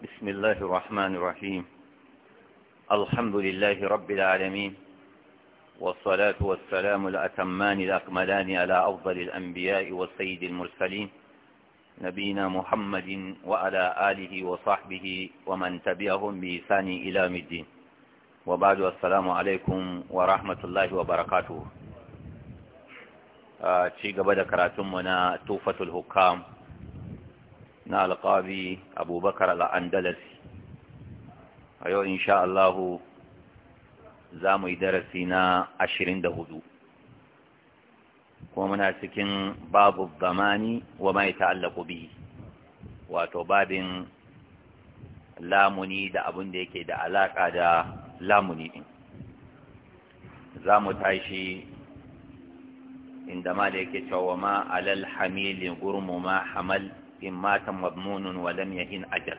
بسم الله الرحمن الرحيم الحمد لله رب العالمين والصلاة والسلام الأتمان الأكملان على أفضل الأنبياء والسيد المرسلين نبينا محمد وعلى آله وصحبه ومن تبعهم بإسان إلى مدين وبعد السلام عليكم ورحمة الله وبركاته آه، شيء قبل كراتمنا توفة الهكام na alƙabi abubakar al'andalasi a yau insha Allahu za mu yi darasi na ashirin da hudu kuma muna cikin babu zamani wa mai ta'allaku bi wato babin lamuni da abin da yake da alaƙa da lamuni ɗin za mu tashi inda ma da yake cewa ma alal hamilin gurmu ma hamal إن مات مضمون ولم يهن أجل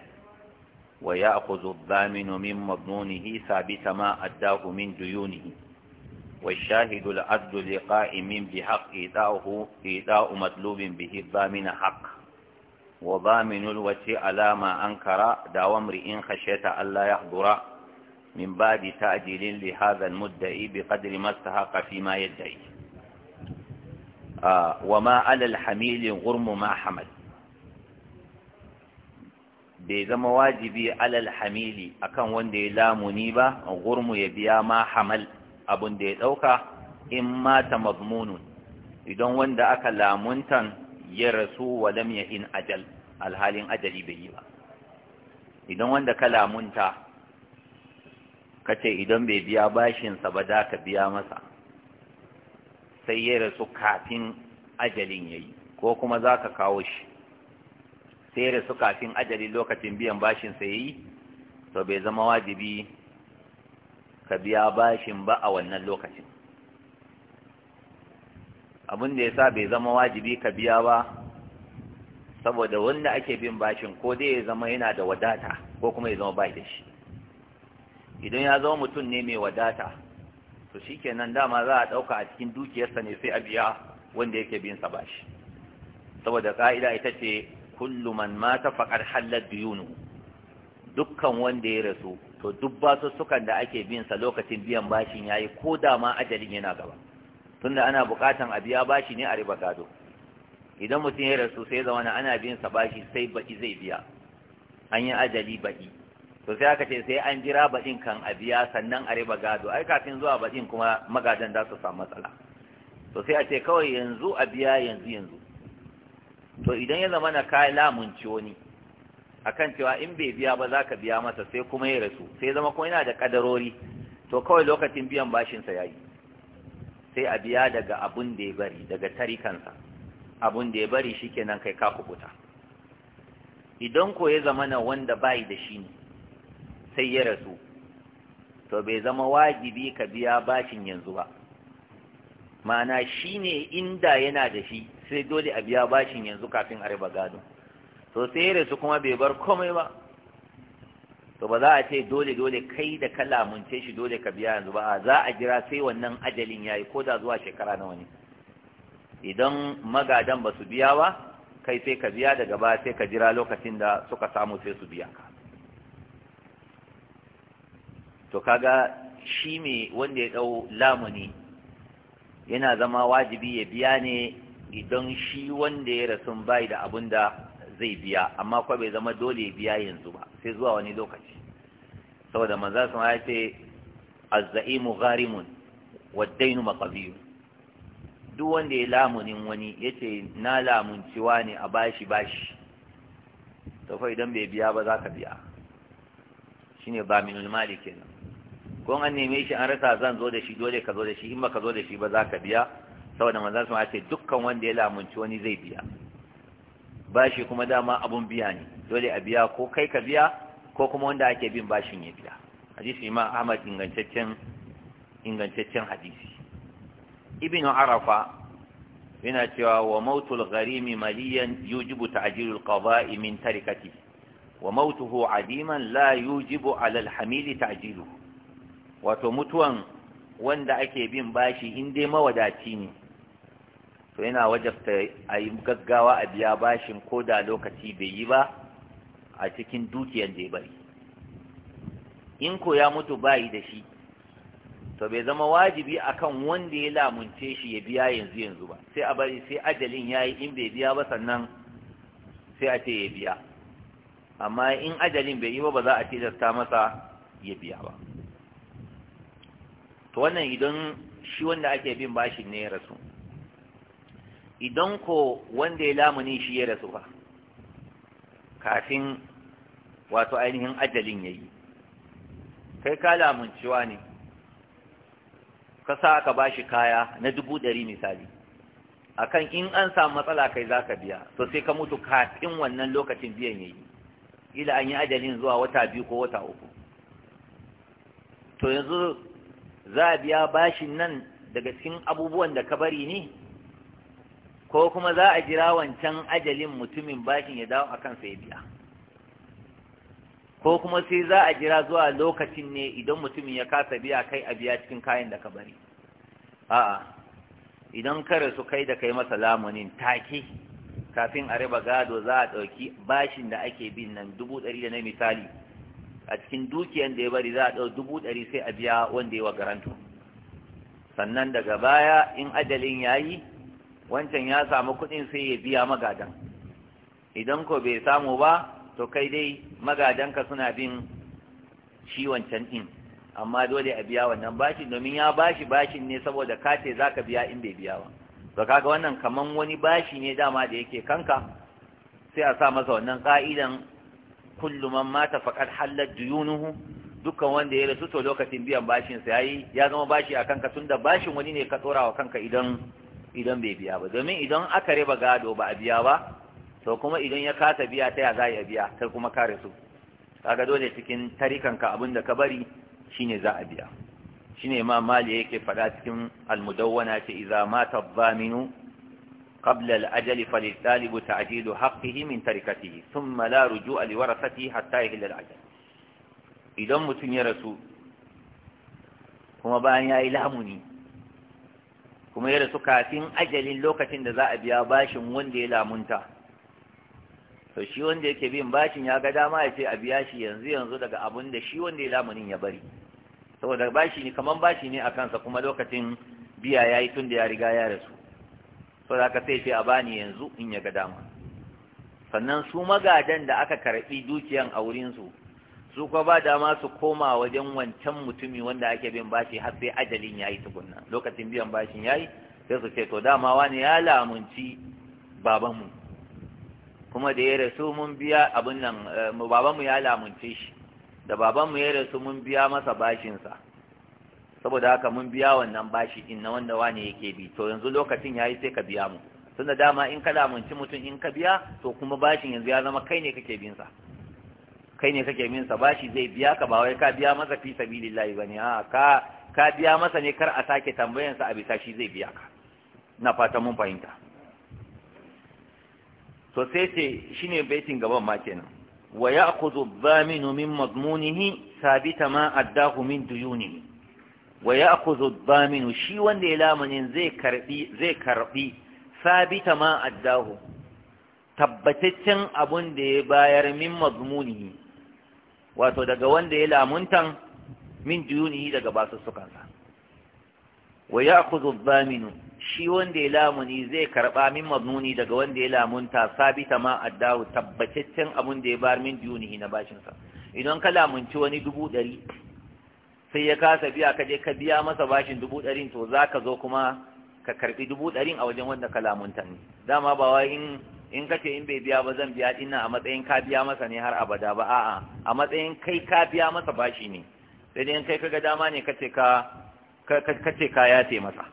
ويأخذ الضامن من مضمونه ثابت ما أداه من ديونه والشاهد العدل لقائم بحق إيداؤه إيداء مطلوب به الضامن حق وضامن الوتي على ما أنكر داو امرئ خشيت ألا يحضر من باب تأجيل لهذا المدعي بقدر ما استحق فيما يدعي آه وما على الحميل غرم ما حمل bai zama wajibi alal hamili akan wanda ya lamuni ba gurmu ya biya ma hamal abin da ya ɗauka in mata mazmunun idan wanda aka lamuntan ya rasu wa lam in ajal alhalin ajali bai yi ba idan wanda ka lamunta ka ce idan bai biya bashinsa ba za ka biya masa sai ya rasu kafin ajalin ya yi ko kuma za ka kawo shi sai ya rasu kafin ajali lokacin biyan bashin sai yi to bai zama wajibi ka biya bashin ba a wannan lokacin abin da ya sa bai zama wajibi ka biya ba saboda wanda ake bin bashin ko dai ya zama yana da wadata ko kuma ya zama bai da shi idan ya zama mutum ne mai wadata to shi shikenan dama za a ɗauka a cikin dukiyarsa ne sai a biya wanda yake bin sa bashi saboda ka'ida ita ce kullu man mata faqad hallat diyunuhu dukkan wanda ya rasu to duk basussukan da ake bin sa lokacin biyan bashin yayi ko da ma ajalin yana gaba tunda ana bukatan a biya bashi ne a riba gado idan mutum ya rasu sai zama ana bin sa bashi sai baki zai biya an yi ajali baki to sai aka ce sai an jira baɗin kan a biya sannan a riba gado ai kafin zuwa baɗin kuma magadan za su samu matsala to sai a ce kawai yanzu a biya yanzu yanzu to idan ya zama na ka lamunci wani kan cewa in bai biya ba za ka biya masa sai kuma ya rasu sai zama kuma yana da kadarori to kawai lokacin biyan bashinsa ya yi sai a biya daga abun da ya bari daga tarikansa abun da ya bari shi kenan kai ka kubuta idan ko ya zama na wanda bai da shi ne sai ya rasu to bai zama wajibi ka biya bashin yanzu ba ma'ana shi ne inda yana da shi sai dole a biya bashin yanzu kafin a riba gado to sai ya rasu kuma bai bar komai ba to ba za a ce dole dole kai da ka lamunce shi dole ka biya yanzu ba za a jira sai wannan ajalin yayi ko da zuwa shekara nawa ne idan magadan ba su biya ba kai sai ka biya daga baya sai ka jira lokacin da suka samu sai su biya ka to kaga shi me wanda ya dau lamuni yana zama wajibi ya biya ne idan shi wanda ya rasu bai da abun da zai biya amma kuma bai zama dole biya yanzu ba sai zuwa wani lokaci saboda manzo sun ya ce az-za'imu gharimun wad-dainu maqbiyu duk wanda ya lamunin wani yace na cewa ne a bashi bashi to fa idan bai biya ba za ka biya shine ba minul mali kenan ko an neme shi an rasa zan zo da shi dole ka zo da shi in ba ka zo da shi ba za ka biya saboda manzan su ce dukkan wanda ya lamunci wani zai biya bashi kuma dama abun biya ne dole a biya ko kai ka biya ko kuma wanda ake bin bashin ya biya hadisi imam ahmad ingantaccen ingantaccen hadisi ibn arafa yana cewa wa mautul gharimi maliyan yujibu ta'jilul qada'i min tarikati wa mautuhu adiman la yujibu 'ala al-hamil wato mutuwan wanda ake bin bashi in dai mawadaci ne to yana wajabta a yi gaggawa a biya bashin ko da lokaci bai yi ba a cikin dukiyar da ya bari in ko ya mutu bayi da shi to bai zama wajibi akan wanda ya lamunce shi ya biya yanzu yanzu ba sai a bari sai ajalin ya yi in bai biya ba sannan sai a ce ya biya amma in ajalin bai yi ba ba za a tilasta masa ya biya ba to wannan idan shi wanda ake bin bashin ne ya rasu idan ko wanda ya lamuni shi ya rasu ba kafin wato ainihin ajalin ya yi kai ka lamuncewa ne ka sa aka ba shi kaya na dubu ɗari misali akan in an samu matsala kai za ka biya to sai ka mutu kafin wannan lokacin biyan ya yi ila an yi ajalin zuwa wata biyu ko wata uku to yanzu za a biya bashin nan daga cikin abubuwan da ka bari ne ko kuma za a jira wancan ajalin mutumin bashin ya dawo akan sai biya ko kuma sai za a jira zuwa lokacin ne idan mutumin ya kasa biya kai a biya cikin kayan da ka bari a'a idan kare su kai da kai masa lamunin take kafin a raba gado za a ɗauki bashin da ake bin nan dubu ɗari da na misali a cikin dukiyan da ya bari za a ɗau dubu ɗari sai a biya wanda ya wa garanto sannan daga baya in ajalin ya yi wancan ya samu kuɗin sai ya biya magadan idan ko bai samu ba to kai dai magadanka suna bin shi wancan ɗin amma dole a biya wannan bashin domin ya bashi bashin ne saboda kace za ka biya in bai biya ba to kaga wannan kaman wani bashi ne dama da yake kanka sai a sa masa wannan ka'idan kullu man mata faqad hallat duyunuhu dukkan wanda ya rasu to lokacin biyan bashin sa yayi ya zama bashi akan ka tunda bashin wani ne ka tsora wa kanka idan idan bai biya ba domin idan aka riba gado ba a biya ba to kuma idan ya kasa biya ta ya za a biya sai kuma kare su kaga dole cikin tarikanka abin da ka bari shine za a biya shine ma mali yake faɗa cikin almudawwana ce idza mata dhaminu qabla al-ajal falil-talibu ta'jilu haqqihi min tarikatihi thumma la ruju'a li warasatihi hatta yahilla al-ajal idan mutun ya rasu kuma bayan yayi lamuni kuma ya rasu kafin ajalin lokacin da za a biya bashin wanda ya lamunta to shi wanda yake bin bashin ya ga dama ya ce a biya shi yanzu yanzu daga abun da shi wanda ya lamunin ya bari saboda bashi ne kaman bashi ne a kansa kuma lokacin biya ya yi tun da ya riga ya rasu da aka sai ce a bani yanzu in ya ga dama sannan su magadan da aka karɓi dukiyan a wurinsu su kuma ba dama su koma wajen wancan mutumi wanda ake bin bashi har sai ajalin yayi tukunna lokacin biyan bashin yayi sai su ce to dama wani ya lamunci babanmu kuma da ya rasu mun biya abin nan eh, babanmu ya lamunce shi da babanmu ya rasu mun biya masa bashinsa saboda haka mun biya wannan bashi din na wanda wani yake bi to yanzu lokacin yayi sai ka biya mu tunda dama in ka lamunci mutum in ka biya to kuma bashin yanzu ya zama kai ne kake bin sa kai ne kake min sa bashi zai biya ka ba wai ka biya masa fi sabilillahi bane a ka ka biya masa ne kar a sake tambayan sa a bisa zai biya ka na fata mun fahimta to sai ce shine baitin gaban ma kenan wa ya'khudhu adh-dhaminu min madmunihi sabita ma addahu min duyunihi wa ya'khudhu adh-dhaminu shi wanda ya lamanin zai karbi zai karbi sabita ma addahu tabbataccen abun da ya bayar min mazmunihi wato daga wanda ya lamuntan min diyunihi daga basussukansa wa ya adh-dhaminu shi wanda ya lamuni zai karba min mabnuni daga wanda ya lamunta sabita ma addahu tabbataccen abun da ya bar min diyunihi na bashin sa idan ka lamunci wani dubu ɗari sai ya kasa biya ka je ka biya masa bashin dubu ɗarin to zaka zo kuma ka karbi dubu ɗarin a wajen wanda ka lamunta ne dama ba wai in in ka ce in bai biya ba zan biya dinna a matsayin ka biya masa ne har abada ba a'a a matsayin kai ka biya masa bashi ne sai dai in kai kaga dama ne kace ka kace ka ce masa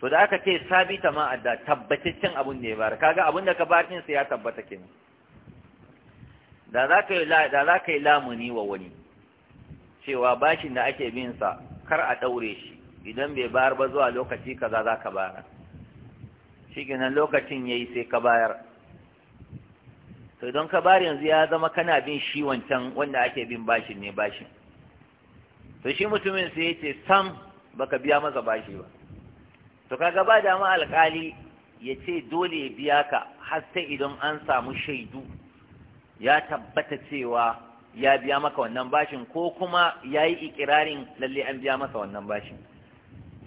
to da aka ce sabita ma adda tabbataccen abun da ya kaga abun da ka ba din sai ya tabbata kenan da za ka yi da za ka yi lamuni wa wani cewa bashin da ake bin sa kar a daure shi idan bai bayar ba zuwa lokaci kaza za ka bayar shi lokacin ya yi sai ka bayar to don ka bayar yanzu ya zama kana bin shi wancan wanda ake bin bashin ne bashin to shi mutumin sai ya ce sam baka biya masa bashi ba to kaga ba dama alkali ya ce dole ya biya ka har sai idan an samu shaidu ya tabbata cewa ya biya maka wannan bashin ko kuma ya yi ikirarin lalle an biya masa wannan bashin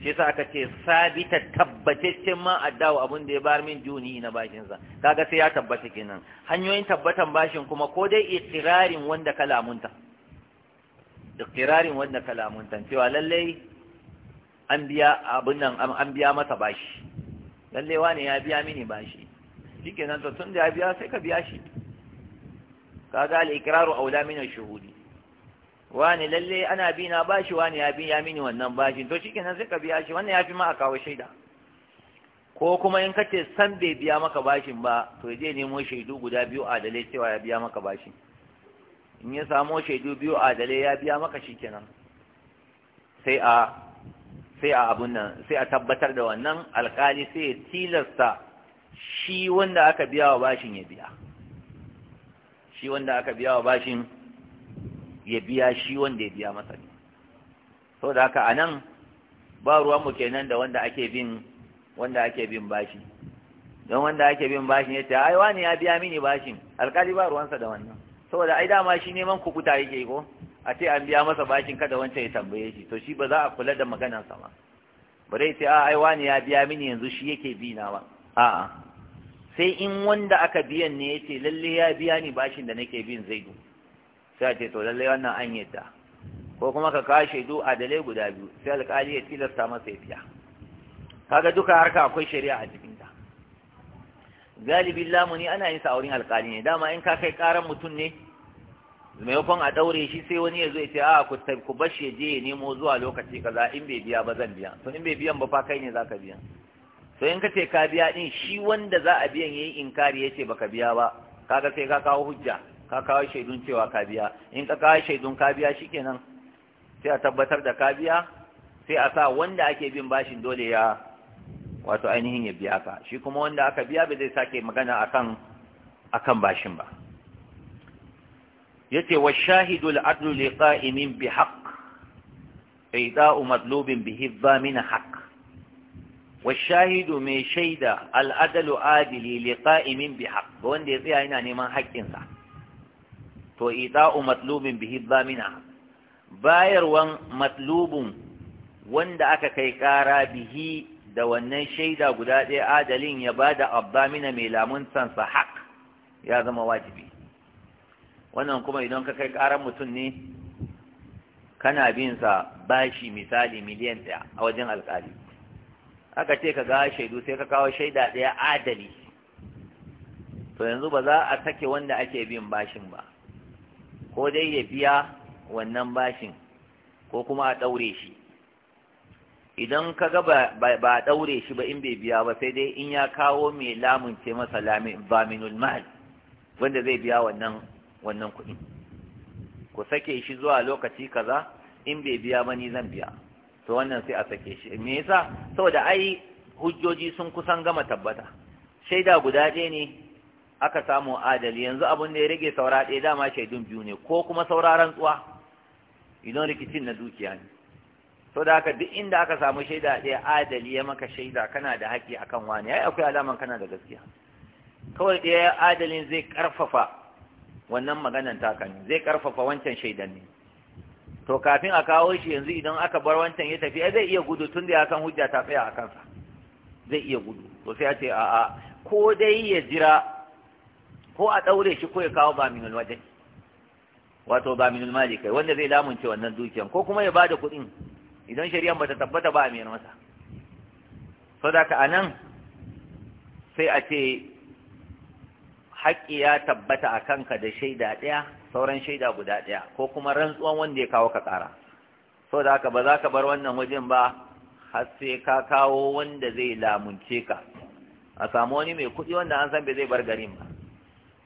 shi yasa aka ce sabita tabbataccen ma addawo abin da ya bar min juni na bashin sa kaga sai ya tabbata kenan hanyoyin tabbatan bashin kuma ko dai iqrarin wanda kalamunta iqrarin wanda kalamunta cewa lalle an biya abin nan an biya masa bashi lalle wani ya biya mini bashi shikenan to tun da ya biya sai ka biya shi kaga al-iqraru aula min ash-shuhudi wani lalle ana bi na bashi wani ya ya mini wannan bashin to shikenan sai ka biya shi wannan ya fi ma a kawo shaida ko kuma in kace san bai biya maka bashin ba to je nemo shaidu guda biyu adale cewa ya biya maka bashin in ya samo shaidu biyu adale ya biya maka shikenan sai a sai a abun nan sai a tabbatar da wannan alkali sai ya tilasta shi wanda aka biya wa bashin ya biya shi wanda aka biya wa bashin ya biya shi wanda ya biya masa ne so da haka anan ba ruwanmu kenan da wanda ake bin wanda ake bin bashi don wanda ake bin bashin ya ce ai wani ya biya mini bashin alkali ba ruwansa da wannan saboda ai dama shi neman kuta yake ko a ce an biya masa bashin kada wancan ya tambaye shi to shi ba za a kula da maganarsa ba ba dai ce a ai wani ya biya mini yanzu shi yake bi na ba a'a sai in wanda aka biyan ne ce lalle ya biya ni bashin da nake bin zaidu sai ce to lalle wannan an yadda ko kuma ka kawo shaidu dalai guda biyu sai alƙali ya tilasta masa ya fiya kaga duka harka akwai shari'a a ta galibin lamuni ana yin sa wurin alƙali ne dama in ka kai karan mutum ne maimakon a ɗaure shi sai wani ya zo ya ce a ku ku bar shi je ya nemo zuwa lokaci kaza in bai biya ba zan biya to in bai biyan ba fa kai ne zaka biya to in ka ce ka biya din shi wanda za a biyan yayi inkari yace baka biya ba kaga sai ka kawo hujja ka kawo shaidun cewa ka biya in ka kawo shaidun ka biya shikenan sai a tabbatar da ka biya sai a sa wanda ake bin bashin dole ya wato ainihin ya biya ka shi kuma wanda aka biya ba zai sake magana akan akan bashin ba yace wa shahidul adlu liqa'imin qa'imin bi haqq ida'u madlubin bihi dhamin haqq والشاهد من شيدا العدل عادل لقائم بحق وان ya tsaya yana neman haƙƙinsa to ida'u matlubin bihi bayar bayarwan matlubun wanda aka kai kara bihi da wannan shaida guda ɗaya adalin ya ba da abdamina mai lamun sansa haq ya zama wajibi wannan kuma idan ka kai ƙarar mutum ne kana bin sa bashi misali miliyan ɗaya a wajen alƙali aka ce ka ga shaidu sai ka kawo shaida ɗaya adali to yanzu ba za a sake wanda ake bin bashin ba ko dai ya biya wannan bashin ko kuma a ɗaure shi idan ka ga ba a ɗaure shi ba in bai biya ba sai dai in ya kawo mai lamunce masa baminul mahal wanda zai biya wannan wannan kuɗi ku sake shi zuwa lokaci kaza in bai biya ba ni zan biya to wannan sai a sake shi me yasa saboda ai hujjoji sun kusan gama tabbata shaida guda ɗaya ne aka samu adali yanzu abin da ya rage saura ɗaya dama shaidun biyu ne ko kuma sauraron rantsuwa idan rikicin na dukiya ne so da haka duk inda aka samu shaida ɗaya adali ya maka shaida kana da haƙƙi akan wani ai akwai alaman kana da gaskiya kawai ɗaya adalin zai ƙarfafa wannan maganan taka ne zai ƙarfafa wancan shaidan ne to kafin a kawo shi yanzu idan aka bar wancan ya tafi ya zai iya gudu tun da ya san hujja ta tsaya a kansa zai iya gudu to sai ya ce a'a ko dai ya jira ko a ɗaure shi ko ya kawo baminul wajen wato baminul mali kai wanda zai lamunce wannan dukiyan ko kuma ya ba da kuɗin idan shari'an ba ta tabbata ba a mayar masa da a nan sai a ce haƙƙi ya tabbata a kanka da shaida ɗaya sauran shaida guda ɗaya ko kuma rantsuwan wanda ya kawo ka ƙara so da ka ba za ka bar wannan wajen ba har sai ka kawo wanda zai lamunce ka a samu wani mai kuɗi wanda an san bai zai bar garin ba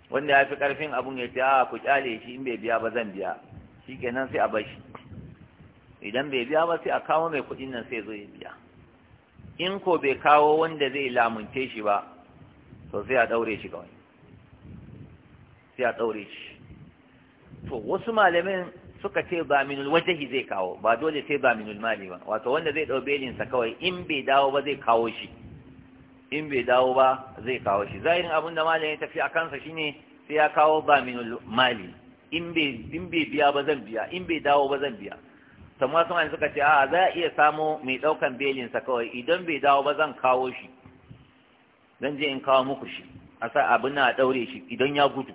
wanda ya fi ƙarfin abun ya ce a ku kyale shi in bai biya ba zan biya shi kenan sai a bashi idan bai biya ba sai a kawo mai kudin nan sai zo ya biya in ko bai kawo wanda zai lamunce shi ba to sai a ɗaure shi kawai sai a ɗaure shi to wasu malamin suka ce ba minul wajahi zai kawo ba dole sai ba minul mali ba wato wanda zai ɗau belinsa kawai in bai dawo ba zai kawo shi in bai dawo ba zai kawo shi zahirin abin da malam ya tafi a kansa shine sai ya kawo baminul mali in bai biya ba zan biya in bai dawo ba zan biya samma sun suka ce a za a iya samo mai daukan belinsa kawai idan bai dawo ba zan kawo shi zan je in kawo muku shi a sa abin na daure shi idan ya gudu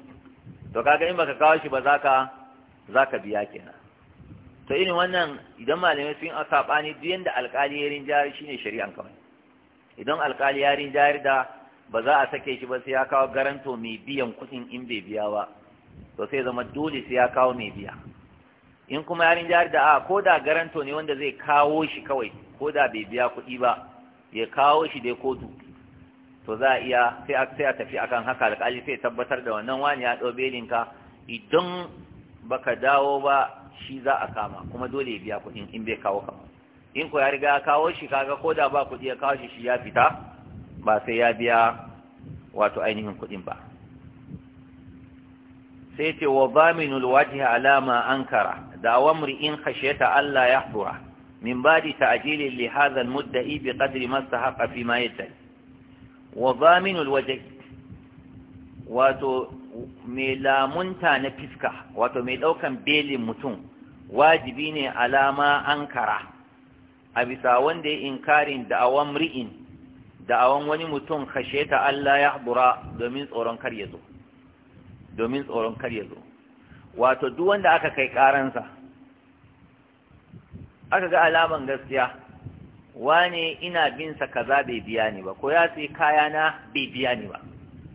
to kaga in baka kawo shi ba zaka zaka biya kenan to irin wannan idan malamai sun asabani duk yanda alƙali ya rinja shine shari'an kawai idan alkali ya rinjayar da ba za a sake shi ba sai ya kawo garanto mai biyan kuɗin in bai biya ba to sai zama dole sai ya kawo mai biya in kuma ya rinjayar da a ko da garanto ne wanda zai kawo shi kawai ko da bai biya kuɗi ba ya kawo shi dai kotu to za a iya sai a tafi akan haka alkali sai tabbatar da wannan wani ya ɗau belinka idan baka dawo ba shi za a kama kuma dole ya biya kuɗin in bai kawo kama in ko ya riga ya kawo shi kaga ko da ba kuɗi ya kawo shi shi ya fita ba sai ya biya wato ainihin kuɗin ba sai ce wa zaminul wajhi alama ankara da wamri in khashiyata Allah ya hura min badi ta'jili li hadha al-mudda'i bi qadri ma istahaqa fi ma yattali wa zaminul wajhi wato mai lamunta na fiska wato mai ɗaukan belin mutum wajibi ne alama ankara a bisa wanda ya inkarin da'awan ri'in da'awan wani mutum kashe ta Allah ya bura domin tsoron kar ya zo domin tsoron kar ya zo wato duk wanda aka kai karansa aka ga alaman gaskiya wane ina binsa sa kaza bai biya ni ba ko ya sai kaya na bai biya ni ba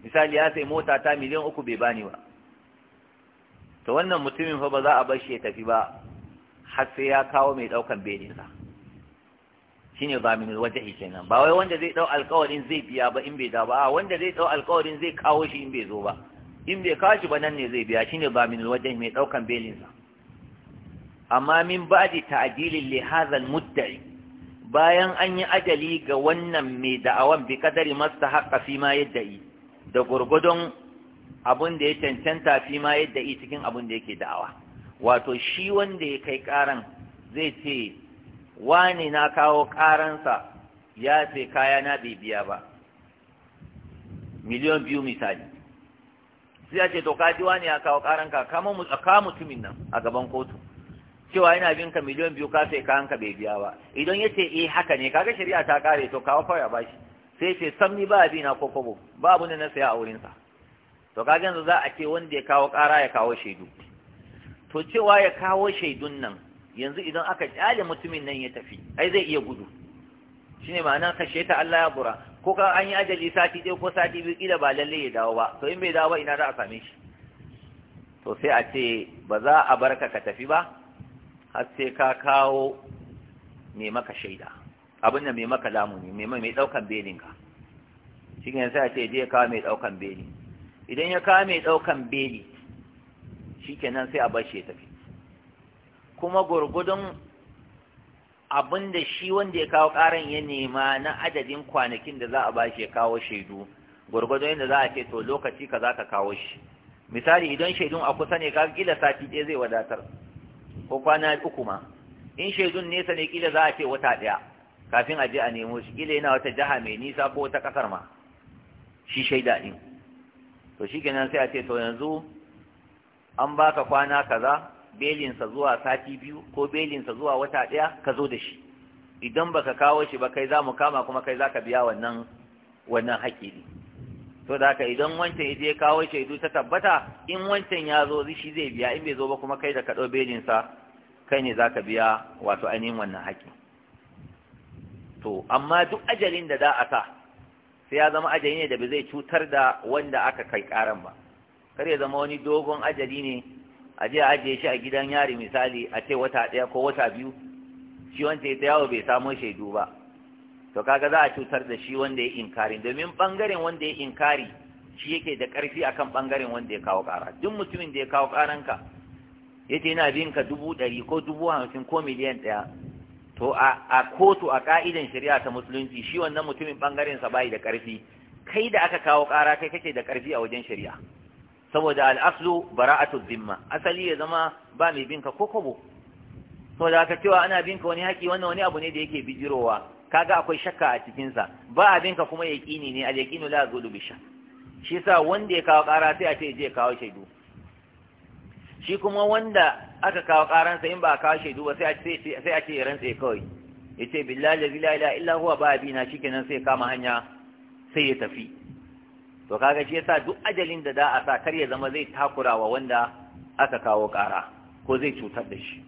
misali ya sai mota ta miliyan uku bai bani ba to wannan mutumin fa ba za a bar shi ya tafi ba har sai ya kawo mai daukan belinsa shine zaminul wajhi kenan ba wai wanda zai dau alƙawarin zai biya ba in bai da ba wanda zai dau alƙawarin zai kawo shi in bai zo ba in bai kawo shi ba nan ne zai biya shine zaminul wajhi mai daukan belin sa amma min ba'di ta'dilin li hadha al bayan an yi ajali ga wannan mai da'awan bi kadari mastahaqqa fi ma yadda'i da gurgudun abun da ya cancanta fi ma yadda'i cikin abun da yake da'awa wato shi wanda ya kai karan zai ce wani na kawo karansa ya sai kaya na bai biya ba miliyon biyu misali sai ya ce to kaji wani ya kawo karanka kama mutumin nan a gaban kotu cewa yana bin ka miliyon biyu ka sai kayanka bai biya ba idan yace ce eh haka ne kaga shari'a ta kare to kawo kawai a bashi sai ce sam ba bi na kokobo ba abin da na saya a wurinsa to kaga yanzu za a ce wanda ya kawo kara ya kawo shaidu to cewa ya kawo shaidun nan yanzu idan aka kyale mutumin nan ya tafi ai zai iya gudu ne ma'anar kashe ta Allah ya bura ko ka an yi ajali sati ɗaya ko sati biyu kila ba lalle ya dawo ba to in bai dawo ba ina za a same shi to sai a ce ba za a bar ka ka tafi ba har sai ka kawo mai maka shaida abin da mai maka lamuni mai mai daukan belin ka shi ne sai a ce je kawo mai daukan beli idan ya kawo mai daukan beli kenan sai a bar shi ya tafi kuma gurgudun abin da shi wanda ya kawo ƙaran ya nema na adadin kwanakin da za a ba shi ya kawo shaidu gurgudun yadda za a ce to lokaci ka za ka kawo shi misali idan shaidun a kusa ne kawo kila sati ɗaya zai wadatar ko kwana uku ma in shaidun nesa ne kila za a ce wata ɗaya kafin a je a nemo shi kila yana wata jiha mai nisa ko wata ƙasar ma shi shaida ɗin to shi kenan sai a ce to yanzu an baka kwana kaza belinsa zuwa sati biyu ko belinsa zuwa wata ɗaya ka zo da shi idan baka kawo shi ba kai za mu kama kuma kai za ka biya wannan wannan haƙƙi to da haka idan wancan ya ya kawo shaidu ta tabbata in wancan ya zo shi zai biya in bai zo ba kuma kai da ɗau belinsa kai ne za ka biya wato ainihin wannan haƙƙi to amma duk ajalin da za a sa sai ya zama ajali ne da ba zai cutar da wanda aka kai ƙaran ba kar ya zama wani dogon ajali ne a je a ajiye shi a gidan yari misali a ce wata ɗaya ko wata biyu shi wanda ya yawo bai samo shaidu ba to kaga za a cutar da shi wanda ya inkari domin bangaren wanda ya inkari shi yake da ƙarfi akan bangaren wanda ya kawo ƙara duk mutumin da ya kawo ƙaranka ya ce yana bin ka dubu ɗari ko dubu hamsin ko miliyan ɗaya to a kotu a ƙa'idan shari'a ta musulunci shi wannan mutumin bangaren sa bai da ƙarfi kai da aka kawo ƙara kai kake da ƙarfi a wajen shari'a saboda al'aslu bara'atu zimma asali ya zama ba mai binka ko kobo saboda aka cewa ana binka wani haƙi wannan wani abu ne da yake bijirowa kaga akwai shakka a cikinsa. ba a binka kuma yaqini ne a yaqinu la yazulu bi shak shi sa wanda ya kawo ƙara sai a ce je kawo shaidu shi kuma wanda aka kawo ƙaransa, in ba a kawo shaidu ba sai a ce ya rantse kawai. ya ce, kawai da zila ila illa huwa ba shi shikenan sai kama hanya sai ya tafi to kaga shi yasa duk ajalin da za a sa kar ya zama zai takura wa wanda aka kawo ƙara ko zai cutar da shi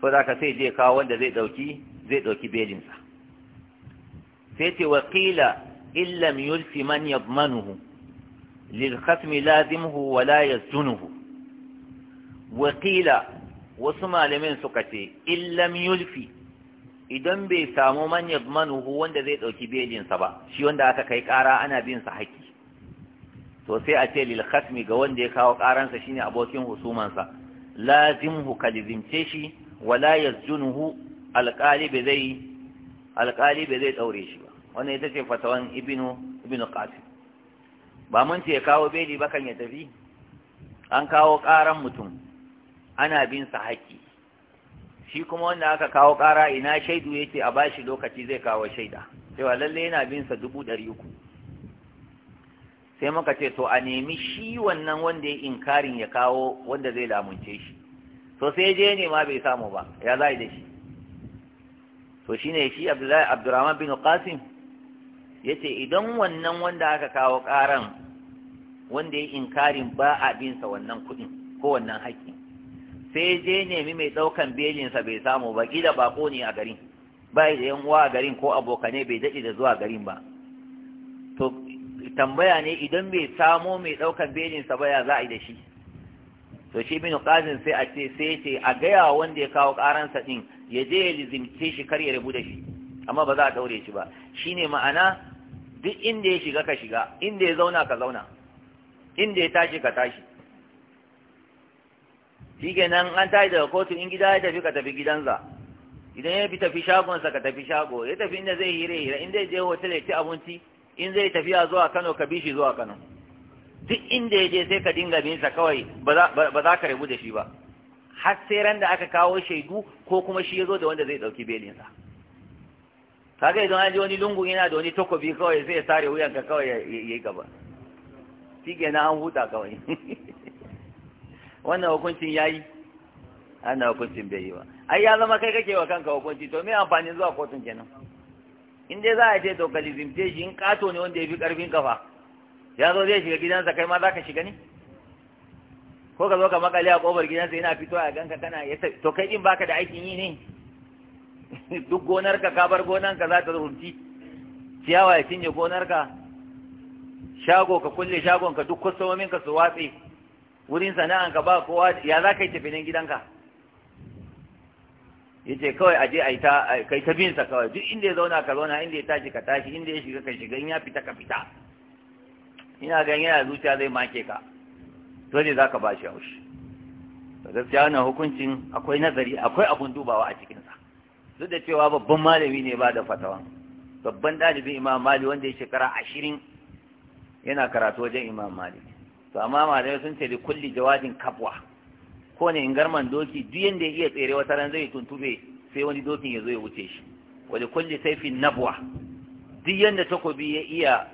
to za ka sai je kawo wanda zai ɗauki zai ɗauki belinsa sai ce wakila illam yulfi man yadmanuhu lil khasmi lazimuhu wa la yazunuhu wakila wasu malamin suka ce illam yulfi idan bai samu man yadmanuhu wanda zai dauki belinsa ba shi wanda aka kai kara ana bin sa haƙi to sai a ce lil khatmi ga wanda ya kawo karansa shine abokin husumansa lazimhu kalizimce shi wala yazjunuhu alqalib zai alqalib zai daure shi ba wannan ita ce fatawan ibnu ibnu qasim ba mun ce kawo beli ba kan ya tafi an kawo karan mutum ana bin sa haƙi shi kuma wanda aka kawo ƙara ina shaidu yake a bashi lokaci zai kawo shaida cewa lalle yana bin sa dubu ɗari uku sai muka ce to a nemi shi wannan wanda ya inkarin ya kawo wanda zai lamunce shi to sai je ne ma bai samu ba ya zai da shi to shine shi Abdullahi Abdurrahman bin Qasim yace idan wannan wanda aka kawo ƙaran wanda ya inkarin ba a binsa wannan kuɗin ko wannan haƙƙi sai je nemi mai ɗaukan belinsa bai samu ba ƙila bako ne a garin bai da uwa a garin ko abokane bai daɗe da zuwa garin ba to tambaya ne idan bai samo mai ɗaukan belinsa ba ya za a yi da shi to shi bin ƙazin sai a ce sai ce a gaya wanda ya kawo ƙaransa ɗin ya je ya lizimce shi kar ya rabu da shi amma ba za a ɗaure shi ba shine ma'ana duk inda ya shiga ka shiga inda ya zauna ka zauna inda ya tashi ka tashi shi kenan an tashi daga kotu in gida ya tafi ka tafi gidansa idan ya tafi shagonsa ka tafi shago ya tafi inda zai hira hira in zai je hotel ya ci abinci in zai tafiya zuwa kano ka bi shi zuwa kano duk inda ya je sai ka dinga bin sa kawai ba za ka rabu da shi ba har sai ran da aka kawo shaidu ko kuma shi ya zo da wanda zai belin sa kaga idan an je wani lungu yana da wani takobi kawai sai ya sare wuyanka kawai ya yi gaba shi kenan an huta kawai wannan hukuncin yayi ana hukuncin bai yi ba ai ya zama kai kake wa kanka hukunci to me amfanin zuwa kotun kenan in dai za a ce to kalizim te shi in kato ne wanda ya fi karfin kafa ya zo zai shiga gidansa kai ma za ka shiga ne ko ka zo ka makale a kofar gidansa yana fito a ganka kana ya to kai din baka da aikin yi ne duk gonarka ka bar gonarka za ta runti ciyawa ya cinye gonarka shago ka kulle shagon ka duk kwastomomin ka su watse wurin sana'anka ba kowa ya za ka yi tafinin gidanka ya ce kawai aje a yi ta kai ta binsa kawai duk inda ya zauna ka zauna inda ya tashi ka tashi inda ya shiga ka shiga in ya fita ka fita ina ganin yana zuciya zai make ka to ne za ka ba shi haushi gaskiya wannan hukuncin akwai nazari akwai abun dubawa a cikinsa duk da cewa babban malami ne ba da fatawa babban ɗalibin imam mali wanda ya shekara ashirin yana karatu wajen imam mali to amma malamai sun ce da kulli jawadin kabwa ko ne ingarman doki duk yanda ya iya tsere wata ran zai tuntube sai wani dokin ya zo ya wuce shi wa da kulli saifin nabwa duk yanda takobi ya iya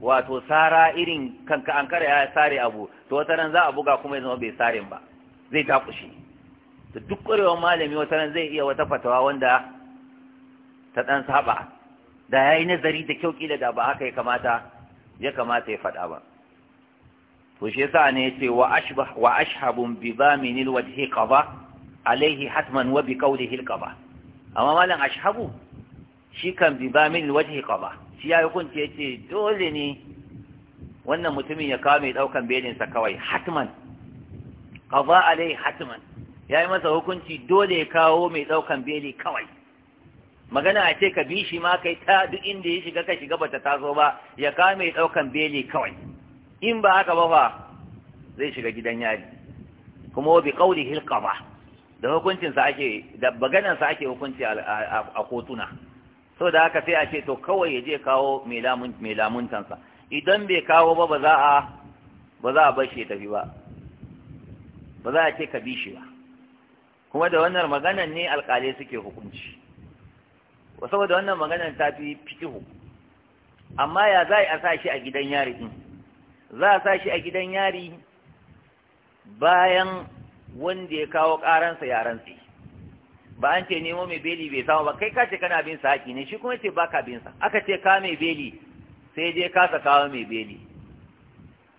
wato sara irin kanka an kare ya sare abu to wata ran za a buga kuma ya zama bai sare ba zai takushi to duk ƙwarewar malami wata ran zai iya wata fatawa wanda ta ɗan saba da yayi nazari da kyau kila da ba haka ya kamata ya kamata ya faɗa ba to shi yasa ne yace wa ashbah wa ashhabun bi bamin alwajhi qada alayhi hatman wa bi qawlihi alqada amma malan ashhabu shi kan bi bamin alwajhi qada shi ya hukunci yace dole ne wannan mutumin ya kawo mai daukan belin sa kawai hatman qada alayhi hatman yayi masa hukunci dole ya kawo mai daukan beli kawai magana a ce ka bi shi ma kai ta duk inda ya shiga ka shiga bata taso ba ya kawo mai daukan beli kawai in ba aka ba zai shiga gidan yari kuma bi qawlihi alqaba da hukuncin sa ake da baganan sa ake hukunci a kotuna saboda aka sai a to kawai ya je kawo mai lamun mai lamuntansa idan bai kawo ba ba za a ba za a bar shi tafi ba ba za a ce ka bi shi ba kuma da wannan maganan ne alƙalai suke hukunci saboda wannan maganan ta fi fikihu amma ya za a sa shi a gidan yari din za a sa shi a gidan yari bayan wanda ya kawo ƙaransa ya rantse ba an ce nemo mai beli bai samu ba kai ka ce kana bin sa haƙi ne shi kuma ce baka bin sa aka ce ka mai beli sai je kasa kawo mai beli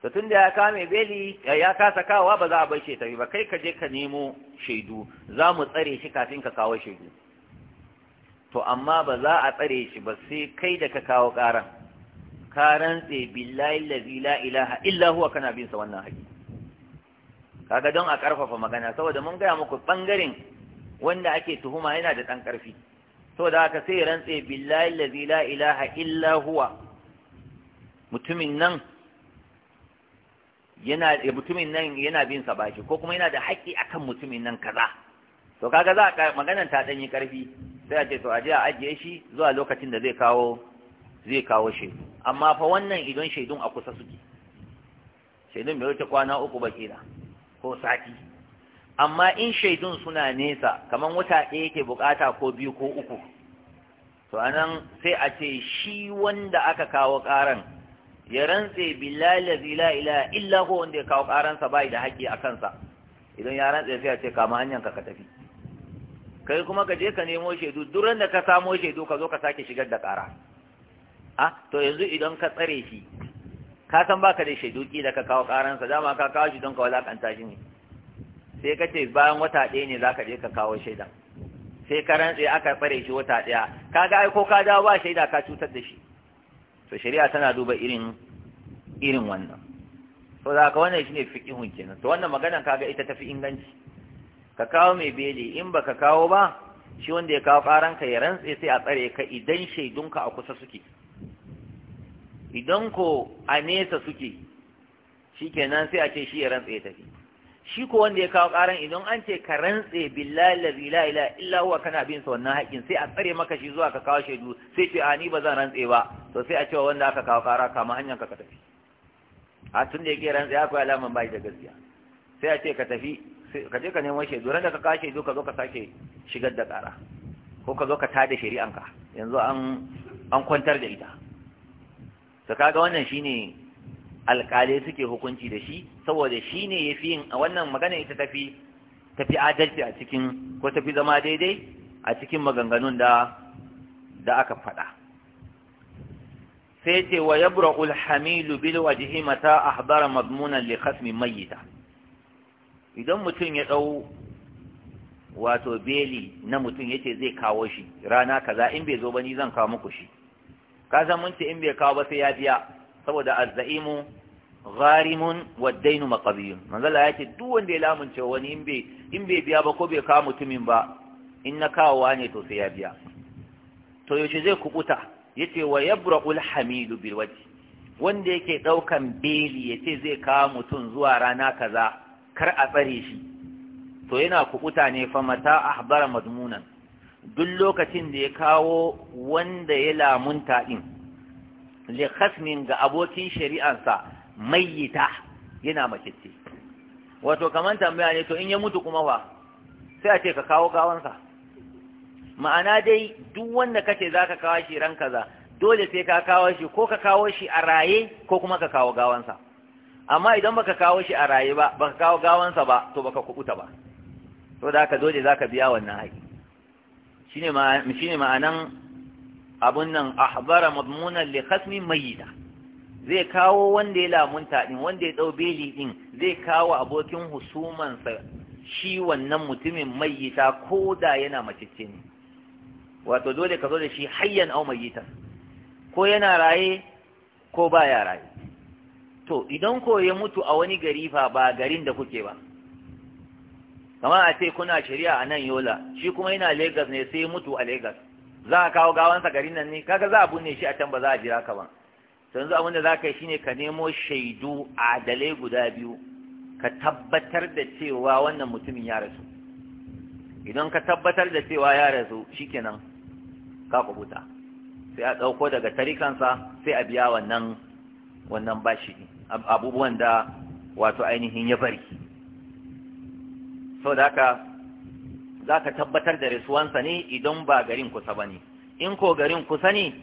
to tun da ya kawo mai beli ya kasa kawo, ba za a bar shi ba kai ka je ka nemo shaidu za mu tsare shi kafin ka kawo shaidu to amma ba za a tsare shi ba sai kai da ka kawo ƙaran ka rantse billahi allazi la ilaha illa huwa kana bin sa wannan haƙi kaga don a karfafa magana saboda mun gaya muku bangaren wanda ake tuhuma yana da ɗan ƙarfi saboda haka sai rantse billahi allazi la ilaha illa huwa mutumin nan yana eh, mutumin nan yana bin sa bashi ko kuma yana da haƙƙi akan mutumin nan kaza to kaga za ka maganan ta danyi karfi sai a ce to aje a ajiye shi zuwa lokacin da zai kawo zai kawo shi amma fa wannan idan shaidun a kusa suke shaidun bai wuce kwana uku ba kila ko sati amma in shaidun suna nesa kamar wata ɗaya yake bukata ko biyu ko uku to anan sai a ce shi wanda aka kawo ƙaran ya rantse billahi la ilaha illa huwa wanda ya kawo ƙaransa bai da haƙƙi a kansa idan ya rantse sai a ce kama hanyar ka ka tafi kai kuma ka je ka nemo shaidu duk da ka samo shaidu ka zo ka sake shigar da kara ah to yanzu idan ka tsare shi ka san baka da shaidu da ka kawo karansa dama ka kawo shi don ka walakanta shi ne sai ka ce bayan wata ɗaya ne zaka je ka kawo shaidan sai ka rantse aka tsare shi wata ɗaya kaga ai ko ka dawo ba shaida ka cutar da shi to shari'a tana duba irin irin wannan to da ka wannan shine fiki kenan to wannan maganan kaga ita tafi inganci ka kawo mai beli in baka kawo ba shi wanda ya kawo karanka ya rantse sai a tsare ka idan shaidunka a kusa suke idan ko a nesa suke shi nan sai a ce shi ya rantse ya tafi shi ko wanda ya kawo karan idan an ce ka rantse billahi allazi la ilaha illa huwa kana bin sa wannan haƙin sai a tsare maka shi zuwa ka kawo shaidu sai ce a ni ba zan rantse ba to sai a ce wanda aka kawo kara kama hanyar ka ka tafi a tun da yake rantse akwai alaman bai da gaskiya sai a ce ka tafi ka je ka nemo shaidu ran da ka kawo shaidu ka zo ka sake shigar da kara ko ka zo ka tada shari'anka yanzu an an kwantar da ita to kaga wannan shine alƙalai suke hukunci da shi saboda shi ne ya fi yin a wannan magana ita tafi tafi adalci a cikin ko tafi zama daidai a cikin maganganun da da aka faɗa sai ce wa yabra'ul hamilu bil wajhi mata ahbara madmunan li khasmi mayyita idan mutum ya dau wato beli na mutum yace zai kawo shi rana kaza in bai zo ba ni zan kawo muku shi ka mun ce in bai kawo ba sai ya biya saboda azza'imu gharimun wadainu maqdiyun manzala ya ce duk wanda ya lamunce wani in bai in bai biya ba ko bai kawo mutumin ba in na kawo ne to sai ya biya to yaushe zai kubuta yace wa yabra'ul hamidu bil wajhi wanda yake daukan beli yace zai kawo mutum zuwa rana kaza kar a tsare shi to yana kubuta ne fa mata ahbara madmunan duk lokacin da ya kawo wanda ya lamunta ɗin likhasmin ga abokin shari'ansa mayyita yana makitse wato kamar tambaya ne to in ya mutu kuma wa sai a ce ka kawo gawansa ma'ana dai duk wanda kace za ka kawo shi ran kaza dole sai ka kawo shi ko ka kawo shi a raye ko kuma ka kawo gawansa amma idan baka kawo shi a raye ba baka kawo gawansa ba to baka kubuta ba to da haka dole ka biya wannan haƙi shine ma'anan abun nan ahbara madmunan li khasmin mayyita zai kawo wanda ya lamunta din wanda ya dau beli din zai kawo abokin husumansa shi wannan mutumin mayyita ko da yana macicce ne wato dole ka zo da shi hayyan au mayyita ko yana raye ko baya raye to idan ko ya mutu a wani gari fa ba garin da kuke ba kamar a ce kuna shari'a a nan yola shi kuma yana Legas ne sai mutu a Legas. za a kawo gawansa garin nan ne kaga za a bunne shi a can ba za a jira ka ba yanzu abin da za ka yi ne ka nemo shaidu adalai guda biyu ka tabbatar da cewa wannan mutumin ya rasu idan ka tabbatar da cewa ya rasu shikenan ka kubuta sai a ɗauko daga tarikansa sai a biya wannan wannan bashi abubuwan da wato ainihin ya bari saboda haka za ka tabbatar da rasuwansa ne idan ba garin kusa ba ne in ko garin kusa ne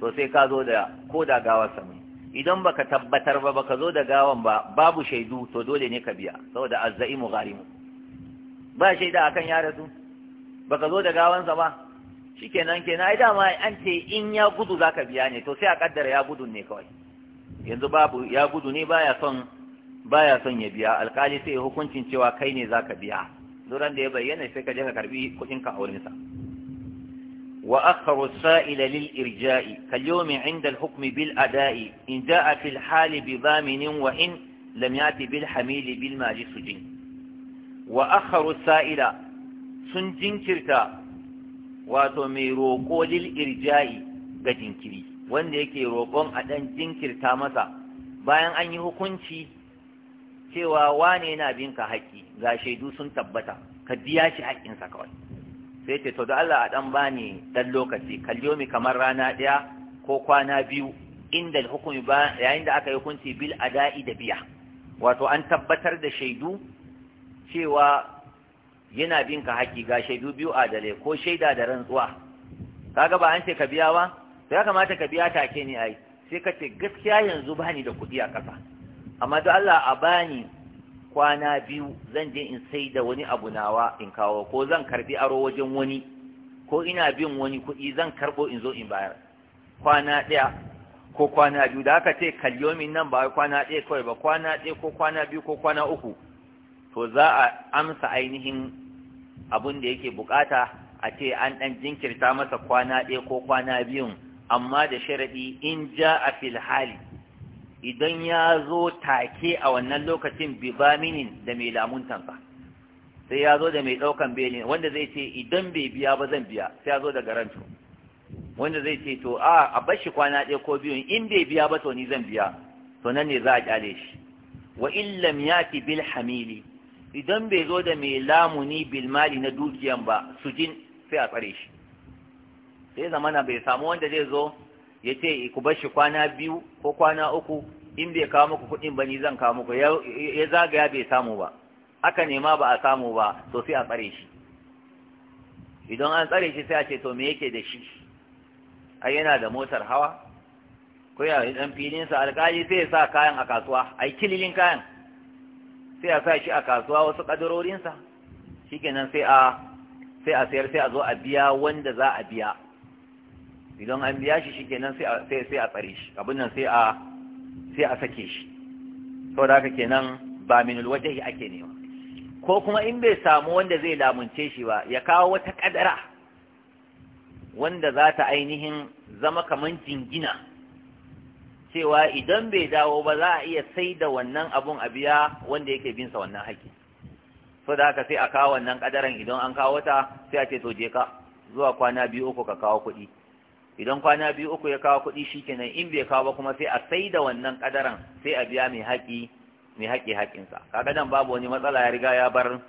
to sai ka zo da ko da gawarsa ne idan ba ka tabbatar ba ka zo da gawan ba babu shaidu to dole ne ka biya saboda azza'imu gharimu ba shaida akan ya rasu ka zo da gawansa ba shi kenan ai dama an ce in ya gudu za ka biya ne to sai a kaddara ya gudu ne kawai yanzu babu ya gudu ne baya son baya son ya biya alkali sai hukuncin cewa kai ne zaka biya duran da ya bayyana sai ka je ka karbi kudin ka auren sa wa akharu sa'ila lil irja'i kal yawmi 'inda al hukmi bil ada'i in ja'a fil hali bi dhaminin wa in lam yati bil hamil bil maji jin. wa akharu sa'ila sun jinkirta wato mai roƙo lil irja'i ga jinkiri wanda yake roƙon a dan jinkirta masa bayan an yi hukunci cewa wane yana bin ka haƙƙi ga shaidu sun tabbata ka biya shi haƙƙinsa kawai sai ce to da Allah a dan bani dan lokaci kallo mi kamar rana ɗaya ko kwana biyu inda hukumi ba yayin da aka yi hukunci bil ada'i da biya wato an tabbatar da shaidu cewa yana bin ka haƙƙi ga shaidu biyu adale ko shaida da rantsuwa kaga ba an ce ka biya ba sai kamata ka biya take ni ai sai ka ce gaskiya yanzu bani da kuɗi a ƙasa amma da Allah a bani kwana biyu zan je in sai da wani abu nawa in kawo ko zan karbi aro wajen wani ko ina bin wani kuɗi zan karɓo in zo in bayar kwana ɗaya ko kwana biyu da aka ce kalyomin nan ba kwana ɗaya kawai ba kwana ɗaya ko kwana biyu ko kwana uku to za a amsa ainihin abin da yake bukata a ce an ɗan jinkirta masa kwana ɗaya ko kwana biyun amma da sharaɗi in ja a hali. idan ya zo take a wannan lokacin bibaminin da mai ba sai ya zo da mai ɗaukan belin wanda zai ce idan bai biya ba zan biya sai ya zo da garanto wanda zai ce to a a bashi kwana ɗaya ko biyun in bai biya ba to ni zan biya to nan ne za a kyale shi wa illam yati bil hamili idan bai zo da mai lamuni bil mali na dukiyan ba sujin sai a tsare shi sai zamana bai samu wanda zai zo ya ce ku bar shi kwana biyu ko kwana uku in bai kawo muku kuɗin ba ni zan kawo muku ya zagaya bai samu ba aka nema ba a samu ba to sai a tsare shi idan an tsare shi sai a ce to me yake da shi ai yana da motar hawa ko ya dan filin sa. alƙali sai ya sa kayan a kasuwa ai kililin kayan sai a sa shi a kasuwa wasu sa shikenan sai a sai a sayar sai a zo a biya wanda za a biya idan an biya shi shikenan sai sai a tsare shi abin nan sai a sai a sake shi saboda haka kenan ba minul alwajhi ake nema ko kuma in bai samu wanda zai lamunce shi ba ya kawo wata kadara wanda za ta ainihin zama kaman jingina cewa idan bai dawo ba za a iya sai da wannan abun a biya wanda yake binsa wannan haƙƙi so da haka sai a kawo wannan kadaran idan an kawo ta sai a ce to je ka zuwa kwana biyu uku ka kawo kuɗi idan kwana biyu uku ya kawo kuɗi shi kenan in bai kawo ba kuma sai a sai da wannan ƙadaran sai a biya mai haƙi mai haƙi haƙinsa kaga nan babu wani matsala ya riga ya bar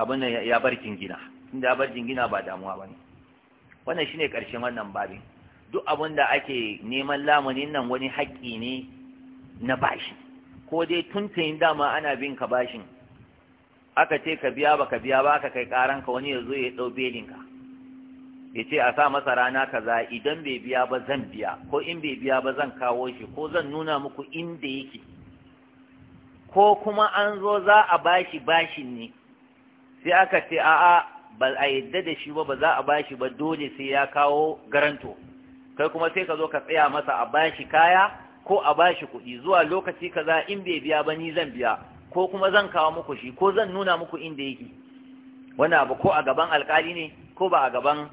abin nan ya bar jingina inda ya bar jingina ba damuwa ba ne wannan shine ƙarshen wannan babin duk abin da ake neman lamunin nan wani haƙƙi ne na bashi ko dai tun tuntunin dama ana bin ka bashin aka ce ka biya ba ka biya ba ka kai ƙaranka wani ya zo ya ɗau belinka ya ce a sa masa rana kaza idan bai biya ba zan biya ko in bai biya ba zan kawo shi ko zan nuna muku inda yake ko kuma an zo za a bashi bashin ne sai aka ce a'a ba a yadda da shi ba ba za a bashi ba dole sai ya kawo garanto kai kuma sai ka zo ka tsaya masa a bashi kaya ko a bashi kuɗi zuwa lokaci kaza in bai biya ba ni zan biya ko kuma zan kawo muku shi ko zan nuna muku inda yake wani abu ko a gaban alkali ne ko ba a gaban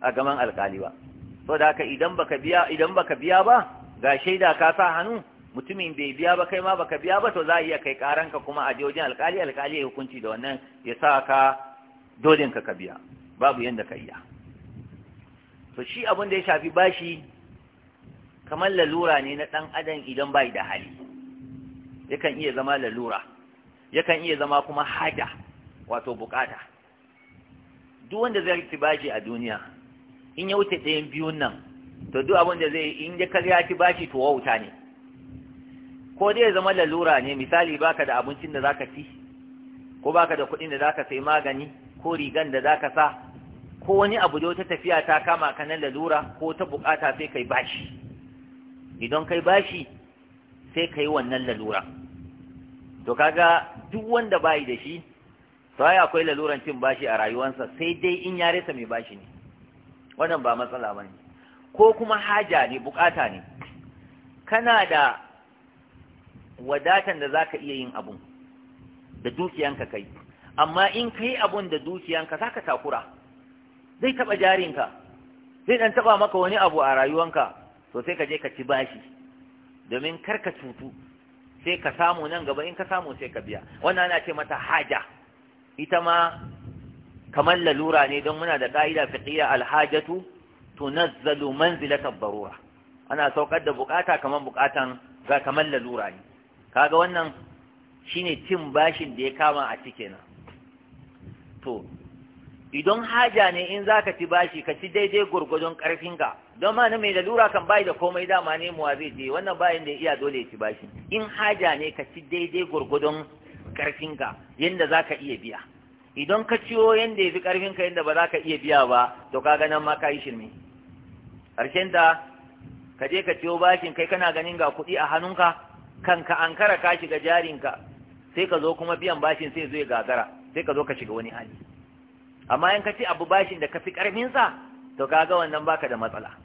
a gaban alkali ba so da haka idan baka biya biya ba ga shaida ka sa hannu mutumin bai biya ba kai ma baka biya ba to za a iya kai karanka kuma a jojin alƙali, alkali alkali ya hukunci da wannan ya sa ka dolin ka ka biya babu yadda ka iya to shi abin da ya shafi bashi kamar lalura ne na ɗan adam idan bai da hali yakan iya zama lalura yakan iya zama kuma haja wato bukata duk wanda zai ci bashi a duniya in ya wuce ɗayan biyun nan to duk abin da zai in ya karya ci bashi to wuta ne ko dai zama lalura ne misali baka da abincin da zaka ci ko baka da kuɗin da zaka sai magani ko rigan da zaka sa ko wani abu da wata tafiya ta kama ka na lalura ko ta bukata sai kai bashi idan kai bashi sai kai wannan lalura to kaga duk wanda bai da shi to ai akwai laluran cin bashi a rayuwarsa sai dai in ya rasa mai bashi ne wannan ba matsala ba ne ko kuma haja ne bukata ne kana da wadatan da za ka iya yin abun da dukiyanka kai amma in ka yi abun da dukiyanka za ka takura zai taɓa jarinka zai ɗan taɓa maka wani abu a rayuwanka to sai ka je ka ci bashi domin kar ka cutu sai ka samu nan gaba in ka samu sai ka biya wannan ana ce mata haja ita ma kamar lalura ne don muna da ƙa'ida fiƙiya alhajatu tunazzalu na barura ana saukar da bukata kamar bukatan ga kamar lalura ne kaga wannan shine cin bashin da ya kama a cikin to idan haja ne in za ka ci bashi ka ci daidai gurgudun ka. don ma na mai lalura kan bai da komai dama ne muwa zai je wannan bayan da iya dole ya ci bashi in haja ne ka ci daidai gurgudun yadda za ka iya biya idan ka ciwo yanda ya fi ƙarfin ka ba za ka iya biya ba to ka ganin ma ka yi shirme ƙarshen ta ka je ka ciwo bashin kai kana ganin ga kuɗi a hannunka kanka an kara ka shiga jarinka sai ka zo kuma biyan bashin sai zai gagara sai ka zo ka shiga wani hali amma in ka ci abu bashin da ka fi ƙarfinsa to ka ga wannan baka da matsala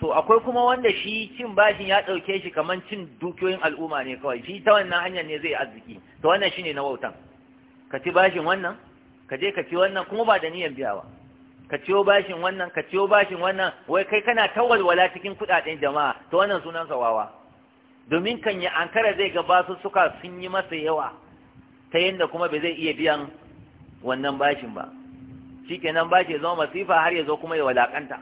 to akwai kuma wanda shi cin bashin ya ɗauke shi kamar cin dukiyoyin al'umma ne kawai shi ta wannan hanyar ne zai arziki to wannan ne na wautan ka ci bashin wannan ka je ka ci wannan kuma ba da niyyar biya ba ka ciyo bashin wannan ka ciyo bashin wannan wai kai kana tawalwala cikin kuɗaɗen jama'a to wannan sunan sawawa domin kan ya ankara zai ga basu suka sun yi masa yawa ta yadda kuma bai zai iya biyan wannan bashin ba shikenan bashi ya zama masifa har ya zo kuma ya walakanta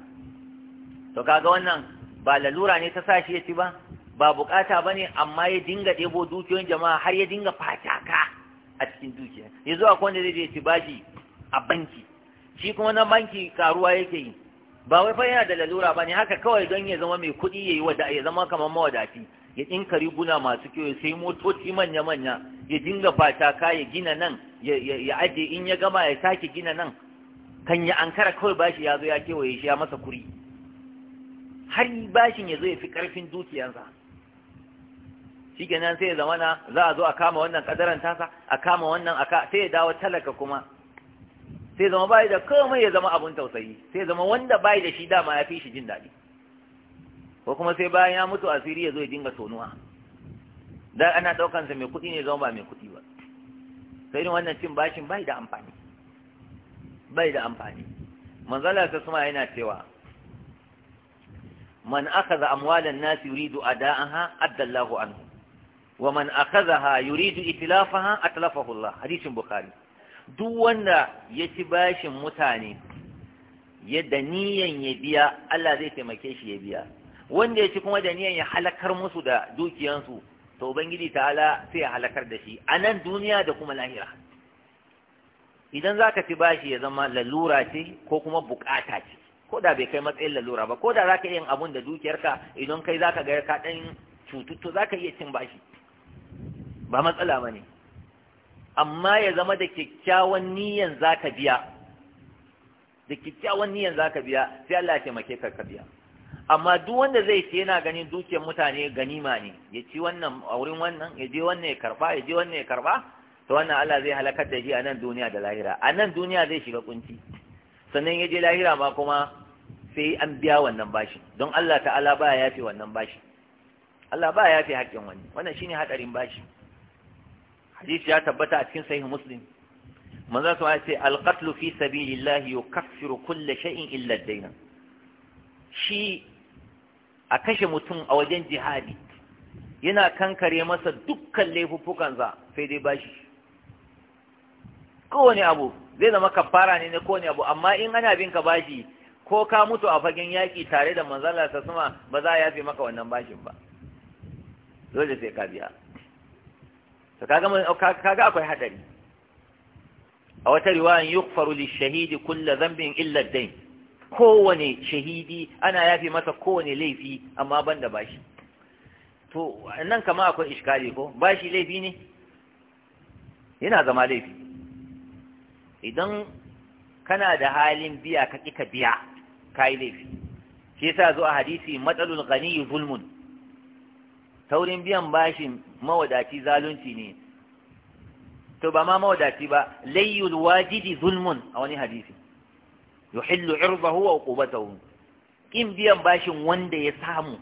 to kaga wannan ba lalura ne ta sashi ya ci ba ba bukata bane amma ya dinga ɗebo dukiyoyin jama'a har ya dinga fataka a cikin dukiya yanzu akwai wanda zai je ci bashi a banki shi kuma na banki karuwa yake yi ba wai fa yana da lalura ba ne haka kawai don ya zama mai kuɗi ya yi wada ya zama kamar mawadaci ya ɗinka riguna masu kyau ya sai motoci manya-manya ya dinga fataka ya gina nan ya ajiye in ya gama ya sake gina nan kan ya ankara kawai bashi ya zo ya kewaye shi ya masa kuri har bashin ya zo ya fi ƙarfin dukiyarsa shikenan sai ya zamana za a zo a kama wannan kadaran tasa a kama wannan aka sai ya dawo talaka kuma sai zama bai da komai ya zama abun tausayi sai zama wanda bai da shi dama ya fi shi jin daɗi ko kuma sai bayan ya mutu asiri ya zo ya dinga tonuwa dan ana daukan sa mai kuɗi ne zama ba mai kuɗi ba sai irin wannan cin bashin bai da amfani bai da amfani manzala ta suma yana cewa man akaza amwalan nasi yuridu ada'aha addallahu anhu wa man akhadhaha yuridu itlafaha atlafahu Allah hadisin bukhari duk wanda ya ci bashin mutane da niyan ya biya Allah zai taimake shi ya biya wanda ya ci kuma da niyan ya halakar musu da dukiyansu to ubangiji ta'ala sai ya halakar da shi a nan duniya da kuma lahira idan za ci bashi ya zama lalura ce ko kuma bukata ce ko da bai kai matsayin lalura ba ko da za ka yin abun da dukiyarka idan kai zaka ga ka dan cututtu za iya cin bashi ba matsala ba ne amma ya zama da kyakkyawan niyan za ka biya da kyakkyawan niyan za ka biya sai Allah ke taimake ka ka biya amma duk wanda zai ce yana ganin dukiyar mutane ganima ne ya ci wannan a wurin wannan ya je wannan ya karba ya je wannan ya karba to wannan Allah zai halakar da shi a nan duniya da lahira a nan duniya zai shiga kunci sannan ya je lahira ma kuma sai an biya wannan bashi don Allah ta'ala baya yafe wannan bashi Allah baya yafe haƙƙin wani wannan shi ne haƙarin bashi hadisi ya tabbata a cikin sahih muslim manzo sai ya ce alqatlu fi sabilillahi yukaffiru kulli shay'in illa ad-dayn shi a kashe mutum a wajen jihadi yana kankare masa dukkan laifuffukansa sai dai bashi kowane abu zai zama kafara ne na kowane abu amma in ana bin ka bashi ko ka mutu a fagen yaki tare da manzala ta sama ba za a yafe maka wannan bashin ba dole sai ka biya to kaga kaga akwai hadari a wata riwayan yughfaru lishahidi kullu dhanbin illa ad-dayn kowane shahidi ana yafi masa kowane laifi amma banda bashi to nan kama akwai iskali ko bashi laifi ne yana zama laifi idan kana da halin biya ka kika biya kai laifi shi yasa zo a hadisi matsalul ghani zulmun taurin biyan bashin mawadaci zalunci ne to ba ma mawadaci ba layyul wajidi zulmun a wani hadisi yuhillu irdahu wa uqubatahu kin biyan bashin wanda ya samu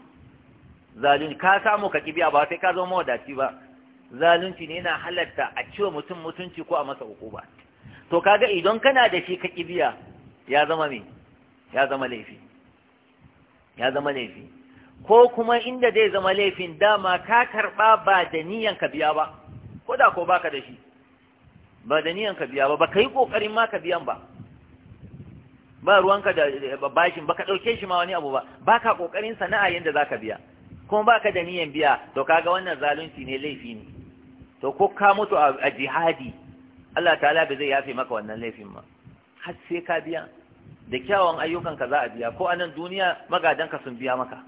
zalunci ka samu ka kibiya ba sai ka zama mawadaci ba zalunci ne yana halatta a ciwo mutum mutunci ko a masa uquba to kaga idan kana da shi ka kibiya ya zama me ya zama laifi ya zama laifi ko kuma inda zai zama laifin dama ka karba ba da niyan ka biya ba ko da ko baka da shi ba da niyan ka biya ba ba ka yi ƙoƙarin ma ka biyan ba ba ruwanka da bashin ba ka ɗauke shi ma wani abu ba baka ka ƙoƙarin sana'a yadda za ka biya kuma baka da niyan biya to kaga wannan zalunci ne laifi ne to ko ka mutu a jihadi Allah ta'ala bai zai yafe maka wannan laifin ma har sai ka biya da kyawun ka za a biya ko anan duniya magadanka sun biya maka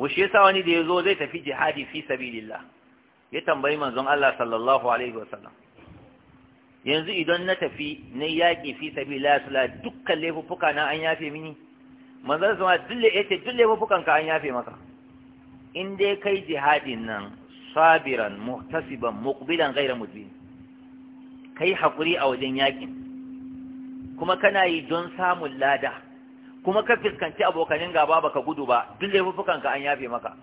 wushe yasa wani da yazo zai tafi jihadi fi sabilillah ya tambayi manzon Allah sallallahu alaihi wasallam yanzu idan na tafi na yaki fi sabilillah sala dukkan laifuffuka na an yafe mini manzon sama dulle yace duk laifuffukan ka an yafe maka in dai kai jihadin nan sabiran muhtasiban muqbilan ghayra mudbin kai hakuri a wajen yakin kuma kana yi don samun lada kuma ka fiskanci abokanin gaba baka gudu ba duk laifukan ka an yafe maka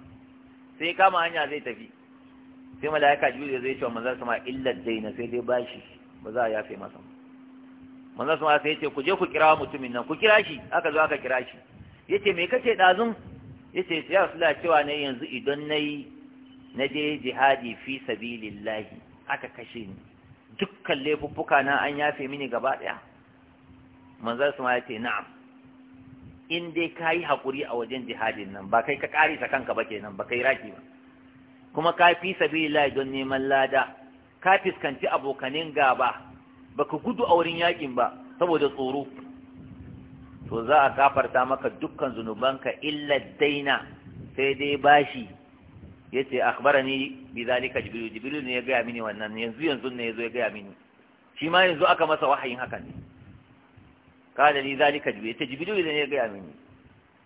sai kama hanya zai tafi sai malaika jibril zai ce wa manzon sama illa daina sai dai bashi ba za a yafe masa manzon sama sai yace ku je ku kira mutumin nan ku kira shi aka zo aka kira shi yace me kace dazun yace ya rasulullahi cewa ne yanzu idan nayi na je jihadi fi sabilillahi aka kashe ni dukkan laifuffuka na an yafe mini gaba daya manzon sama yace na'am in dai ka yi haƙuri a wajen jihadin nan ba kai ka ƙarisa kanka ba kenan ba kai raki ba kuma ka fi sabilillahi don neman lada ka fiskanci abokanin gaba ba ka gudu a wurin yaƙin ba saboda tsoro to za a kafarta maka dukkan zunubanka illa daina sai dai bashi yace akhbarani bi zalika jibril jibril ne ya gaya mini wannan yanzu yanzu ne yazo ya gaya mini shi ma yanzu aka masa wahayin hakan ne kada ni zalika jibril ta jibril ne ya gaya mini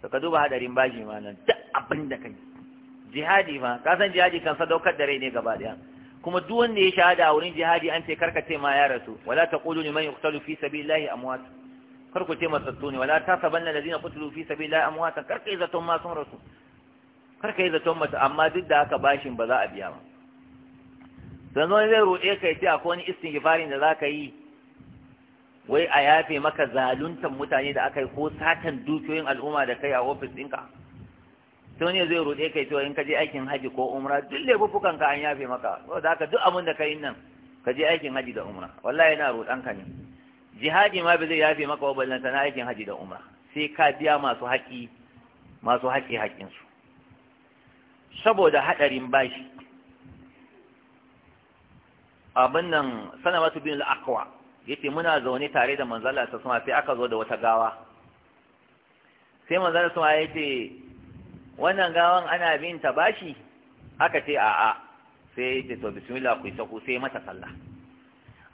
to ka duba hadarin baji ma nan da abin da kai jihadi ma ka san jihadi kan sadaukar da rai ne gaba daya kuma duk wanda ya shahada a wurin jihadi an ce ce ma ya rasu wala taqulu liman yuqtalu fi sabilillahi amwat kar ku ce masattu ne wala tasabanna alladhina qutilu fi sabilillahi amwat kar yi zaton ma sun rasu kar yi zaton mata amma duk da haka bashin ba za a biya ba dan zai roƙe ka ya ce akwai wani istighfarin da za ka yi wai a yafe maka zaluntan mutane da aka yi ko satan dukiyoyin al'umma da kai a ofis ɗinka sai ne zai ruɗe kai cewa in ka je aikin haji ko umra duk laifuffukan ka an yafe maka saboda haka duk abin da ka yi nan ka je aikin haji da umra wallahi yana ruɗan ka ne jihadi ma bai zai yafe maka wa ballanta na aikin haji da umra sai ka biya masu haƙi masu haƙi su saboda haɗarin bashi abin nan sanamatu bin al'akwa yace muna zaune tare da manzala ta sama sai aka zo da wata gawa sai manzala sama yace wannan gawan ana bin ta bashi aka ce a'a sai yace to bismillah ku sako sai mata sallah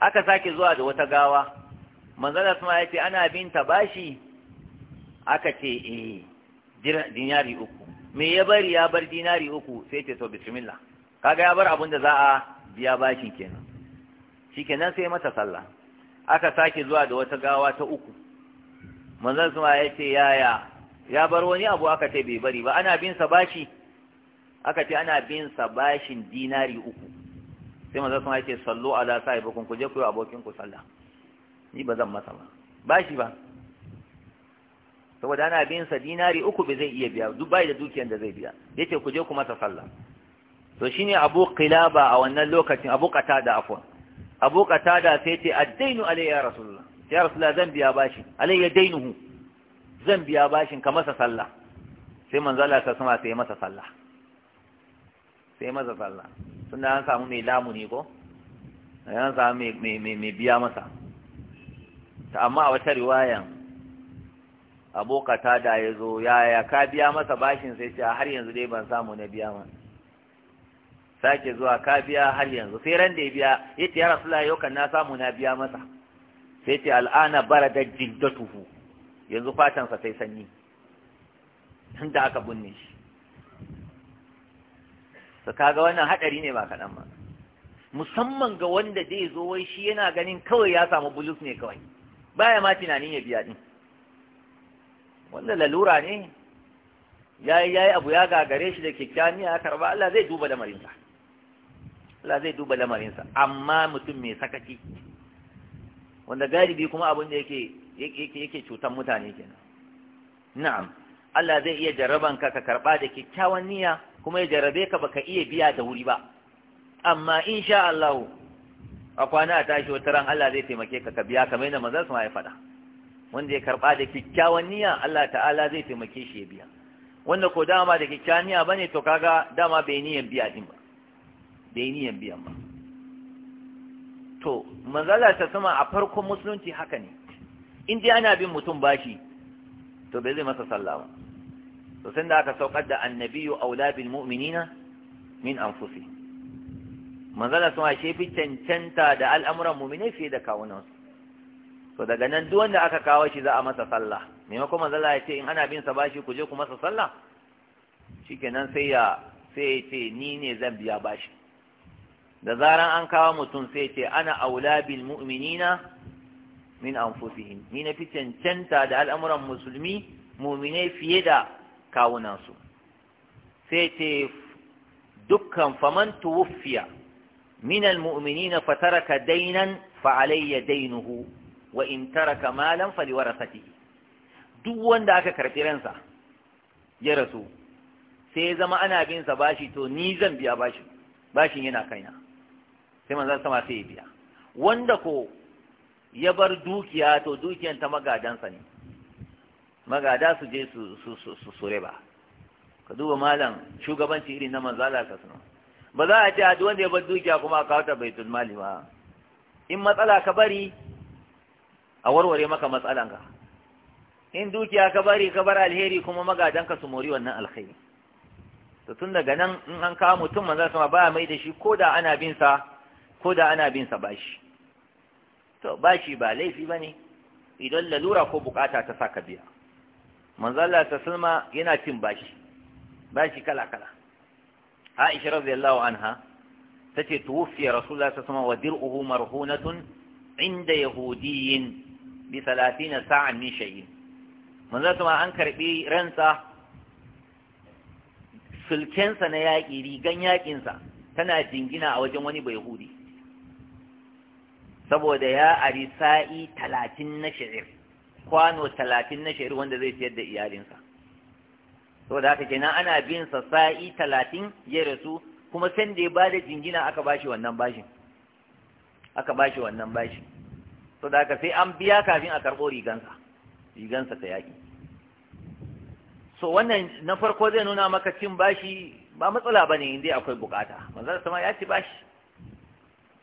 aka sake zuwa da wata gawa manzala sama yace ana bin ta bashi aka ce eh dinari uku me ya bari ya bar dinari uku sai yace to bismillah kaga ya bar abin da za a biya bashin kenan shikenan sai mata sallah aka sake zuwa da wata gawa ta uku manzon suma ya ce yaya ya bar wani abu aka ce bai bari ba ana bin sa bashi aka ce ana bin sa bashin dinari uku sai manzon suma ya ce sallu ala sahibikum ku je ku yi abokin ku sallah ni ba zan masa ba bashi ba saboda ana bin sa dinari uku bai zai iya biya duk bai da dukiyar da zai biya yace ku je ku masa sallah to shine Abu Qilaba a wannan lokacin Abu Qatada afwan abu qatada sai ce ad-dainu alayya ya rasulullah ya rasulullah zan biya bashi alayya dainuhu zan biya bashin ka masa sallah sai manzo Allah ta sama sai masa sallah sai masa sallah tunda an samu mai lamu ne ko an samu mai mai mai biya masa ta amma a wata riwayan abokata da ya zo yaya ka biya masa bashin sai ce har yanzu dai ban samu na biya masa sake zuwa ka biya har yanzu sai ran da ya biya yai ya rasulullahi yau kan na samu na biya masa sai ce al'ana bara barada tuhu yanzu fatan sai sanyi da aka bunne shi to kaga wannan hadari ne ba kaɗan ba musamman ga wanda zai zo wai shi yana ganin kawai ya samu bulus ne kawai baya ma tunanin ya biya din wanda lalura ne ya yi abu ya gagare shi da kyakkyawan ya karba Allah zai duba da lamarinsa Allah zai duba lamarinsa amma mutum mai sakaci wanda galibi kuma abin da yake cutan mutane kenan na'am Allah zai iya jarraban ka ka karba da kyakkyawan niyya kuma ya jarrabe ka baka iya biya da wuri ba amma sha Allah a kwana a tashi wata ran Allah zai taimake ka ka biya kamar yadda manzon sa ya faɗa wanda ya karba da kyakkyawan niyya Allah ta'ala zai taimake shi ya biya wanda ko dama da kyakkyawan niyya bane to kaga dama bai niyan biya din ba da yi niyan biyan ba to manzala ta sama a farkon musulunci haka ne in dai ana bin mutum bashi to bai zai masa sallah ba to sai da aka saukar da annabiyu aula bil mu'minina min anfusi manzala sun ashe fi cancanta da al'amuran mu'minai fiye da kawunansu to daga nan duk wanda aka kawo shi za a masa sallah maimakon manzala ya ce in ana bin sa bashi ku je ku masa sallah shikenan sai ya sai ya ce ni ne zan biya bashi da zaran an kawo mutum sai ce ana aula mu'minina min anfusihim ni na fi cancanta da al'amuran musulmi mu'mine fiye da kawunansu sai ce dukkan faman tuwuffiya min almu'minina fataraka dainan fa alayya dainuhu wa in taraka malan faliwarasatihi duk wanda aka karɓi ransa ya rasu sai zama ana bin sa bashi to ni zan biya bashi bashin yana kaina sai manzon sama sai ya biya wanda ko ya bar dukiya to dukiyan ta magadansa ne magada su je su su su su riba ka duba malam shugabanci irin na manzo Allah sallallahu ba za a ce a wanda ya bar dukiya kuma ka ta baitul mali ba in matsala ka bari a warware maka matsalanka in dukiya ka bari ka bar alheri kuma magadanka su mori wannan alkhairi to tun daga nan in an kawo mutum manzo sama ba mai da shi ko da ana bin sa ko da ana bin sa bashi to bashi ba laifi ba ne idan lalura ko bukata ta saka biya manzo ta salma yana cin bashi bashi kala kala Aisha radiyallahu anha ta ce tuwfiya Rasulullah sallallahu alaihi wasallam wa dir'uhu marhunatun inda yahudiyyin bi 30 sa'an min shay'in manzo kuma an karbi ransa sulkensa na yaƙi rigan yaƙinsa tana jingina a wajen wani bai hudi saboda ya ari sa'i talatin na shi'ir kwano talatin na shi'ir wanda zai siyar da iyalinsa saboda haka kenan ana bin sa sa'i talatin ya rasu kuma san da ya ba da jingina aka bashi wannan bashin aka shi wannan bashin saboda haka sai an biya kafin a karɓo rigansa rigansa ta yaƙi so wannan na farko zai nuna maka cin bashi ba matsala bane in dai akwai bukata manzon sama ya ci bashi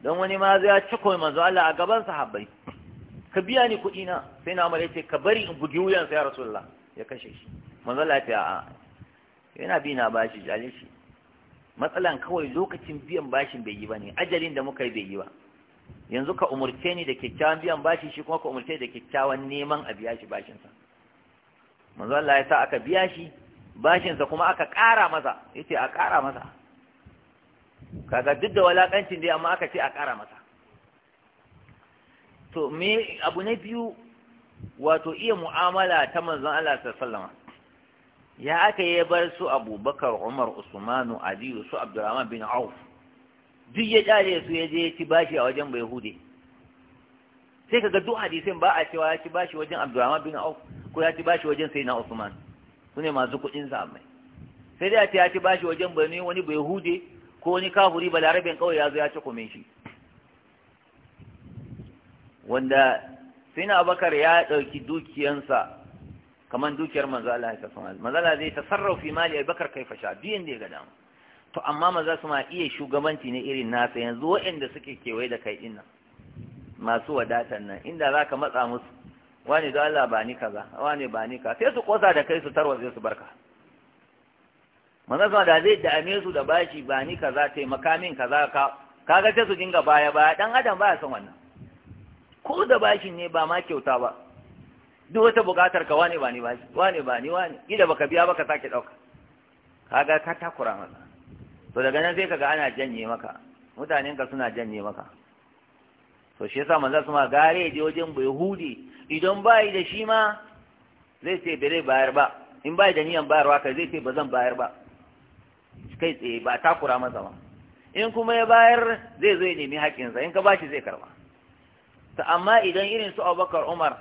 don wani ma zai ci ciko manzo Allah a gaban sahabbai ka biya ni kuɗi na sai na amara yace ka bari in bugi wuyan sai rasulullah ya kashe shi manzo Allah ya ce yana bi na bashi jale shi matsalan kawai lokacin biyan bashin bai yi bane ajalin da muka yi bai yi ba yanzu ka umurce ni da kyakkyawan biyan bashi shi kuma ka umurce da kyakkyawan neman a biya shi bashin sa. manzo Allah ya sa aka biya shi bashin sa kuma aka ƙara masa yace a ƙara masa kaga duk da walakancin dai amma aka ce a ƙara masa to me abu na biyu wato iya mu'amala ta manzon Allah sallallahu ya aka yi bar su abubakar umar Usman aliyu su abdurrahman bin auf duk ya kyale su ya je ci bashi a wajen bai hude sai kaga duk hadisin ba a cewa ya ci bashi wajen abdurrahman bin auf ko ya ci bashi wajen sayyidina usman su ne masu kuɗin zamai sai dai a ce ya ci bashi wajen bani wani bai hude ko wani kafuri balarabin kawai ya zo ya ci kome shi wanda sina abakar ya ɗauki dukiyansa kamar dukiyar manzo Allah ya tafi manzala zai zai tasarrufi mali abakar kai fasha biyan da ya ga dama to amma maza su ma iya shugabanci ne irin nasa yanzu waɗanda suke kewaye da kai dinnan masu wadatan nan inda za ka matsa musu wani da Allah ba ni kaza wani ba ni ka sai su kosa da kai su tarwatsa su barka manzon da zai dame su da bashi ba ni kaza taimaka min kaza ka kaga ta su dinga baya baya dan adam baya son wannan ko da bashi ne ba ma kyauta ba duk wata buƙatar ka wane ba ni bashi wane ba ni wane gida baka biya baka sake dauka kaga ka takura maza. to daga nan sai kaga ana janye maka mutanen ka suna janye maka to shi yasa manzo ma gare je wajen yahudi idan bai da shi ma zai ce bare bayar ba in bai da niyan bayarwa kai zai ce ba zan bayar ba kai tsaye ba takura masa ba in kuma ya bayar zai zo ya nemi haƙƙinsa in ka bashi zai karba ta amma idan irin su abubakar umar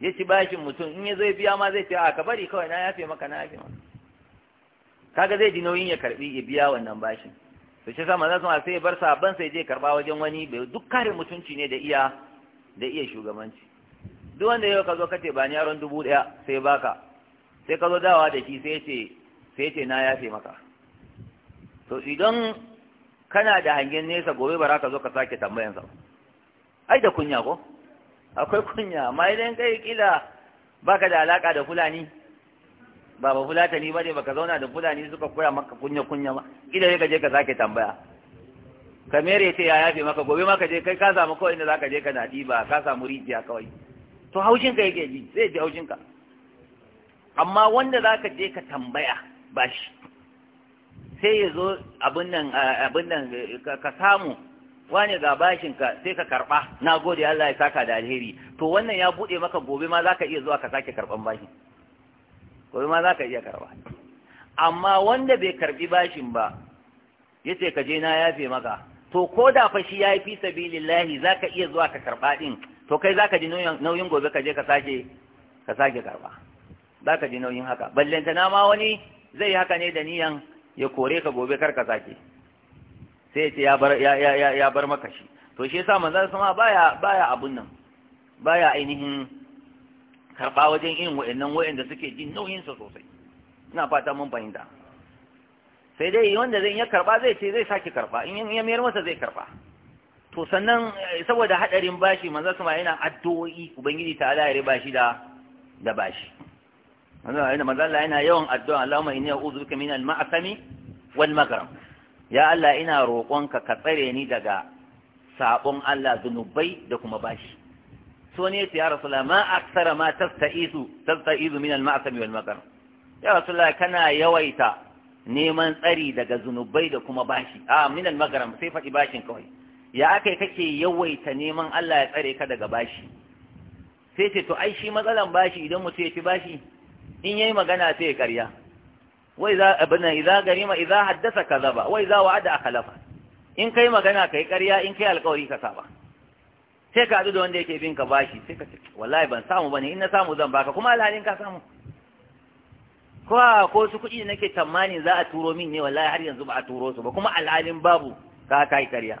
ya ci bashin mutum in ya zo ya biya ma zai ce a ka bari kawai na yafe maka na yafe maka kaga zai ji nauyin ya karbi ya biya wannan bashin to shi sama zan sai ya bar sabon sai je karba wajen wani bai duk kare mutunci ne da iya da iya shugabanci duk wanda yau ka zo ka ce ba ni yaron dubu daya sai baka sai ka zo dawa da shi sai ya ce sai ce na yafe maka to idan kana da hangen nesa gobe ba za ka zo ka sake tambayan sa ai da kunya ko akwai kunya amma idan kai kila baka da alaka da fulani ba ba fulatani bane baka zauna da fulani suka koya maka kunya kunya ba kila ka je ka sake tambaya ka mere ta ya yafe maka gobe maka je kai ka samu kawai inda zaka je ka na ba ka samu rijiya kawai to haushin ka yake ji sai ji haushin ka amma wanda zaka je ka tambaya ba shi sai ya zo abin nan ka samu wane ga bashinka sai ka karɓa na gode Allah ya saka da alheri to wannan ya buɗe maka gobe ma za ka iya zuwa ka sake karɓan bashin gobe ma za ka iya karɓa amma wanda bai karɓi bashin ba ya ce ka je na yafe maka to ko da fa shi ya yi fi sabilillahi za ka iya zuwa ka karɓa ɗin to kai za ka ji nauyin gobe ka je ka sake ka sake karɓa za ka ji nauyin haka ballantana ma wani zai yi haka ne da niyan ya kore ka gobe kar ka sake sai ya ce ya bar ya ya ya bar maka shi to shi yasa manzo sama baya baya abun nan baya ainihin karba wajen irin wayannan wayanda suke jin nauyin sa sosai ina fata mun fahimta sai dai wanda zai ya karba zai ce zai sake karba in ya mayar masa zai karba to sannan eh, saboda hadarin bashi manzo sama yana addu'o'i ubangiji ta Allah ya riba shi da da bashi wannan yana manzo Allah yana yawan addu'a Allahumma inni a'udhu bika min al-ma'sami wal ya Allah ina roƙonka ka tsare ni daga sabon Allah zunubai da kuma bashi so ne ya rasulullah ma aksara ma tasta'izu tasta'izu min al-ma'sami wal maghrib ya rasulullah kana yawaita neman tsari daga zunubai da kuma bashi a ah, min al sai faɗi bashin kawai ya akai kake yawaita neman Allah ya tsare ka daga bashi sai ce to ai shi matsalan bashi idan mutum ya ci bashi in yayi magana sai ya karya za idza abna idza garima idza haddasa kadhaba wa za wa'ada akhlafa in kai magana kai karya in kai alƙawari ka saba sai ka haɗu da wanda yake bin ka bashi sai ka ce wallahi ban samu bane in na samu zan baka kuma alhalin ka samu ko ko su kuɗi nake tamanin za a turo min ne wallahi har yanzu ba a turo su ba kuma alhalin babu ka kai karya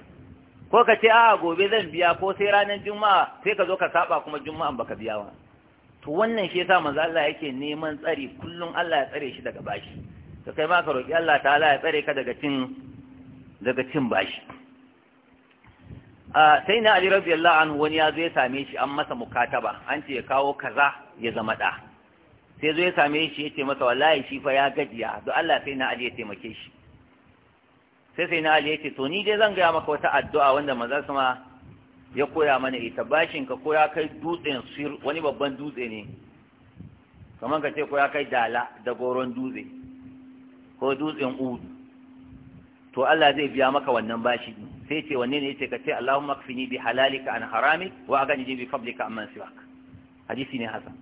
ko ka ce a gobe zan biya ko sai ranar juma'a sai ka zo ka saba kuma juma'an baka biya ba to wannan shi yasa manzo Allah yake neman tsari kullum Allah ya tsare shi daga bashi to kai ma ka roki Allah ta'ala ya tsare ka daga cin daga cin bashi a sai na Ali radiyallahu anhu wani ya zo ya same shi an masa mukataba an ce ya kawo kaza ya zama da sai zo ya same shi ya ce masa wallahi shi fa ya gajiya don Allah sai na Ali ya taimake shi sai sai na Ali ya ce to ni dai zan gaya maka wata addu'a wanda manzo sama ya koya mana ita bashin ka ko ya kai dutsen sir wani babban dutse ne kamar ka ce ko ya kai dala da goron dutse ko dutsen ud to Allah zai biya maka wannan bashi sai ce wanne ne yace ka ce Allahumma kfini bi halalika an harami wa agani bi fadlika amman siwak hadisi ne hasan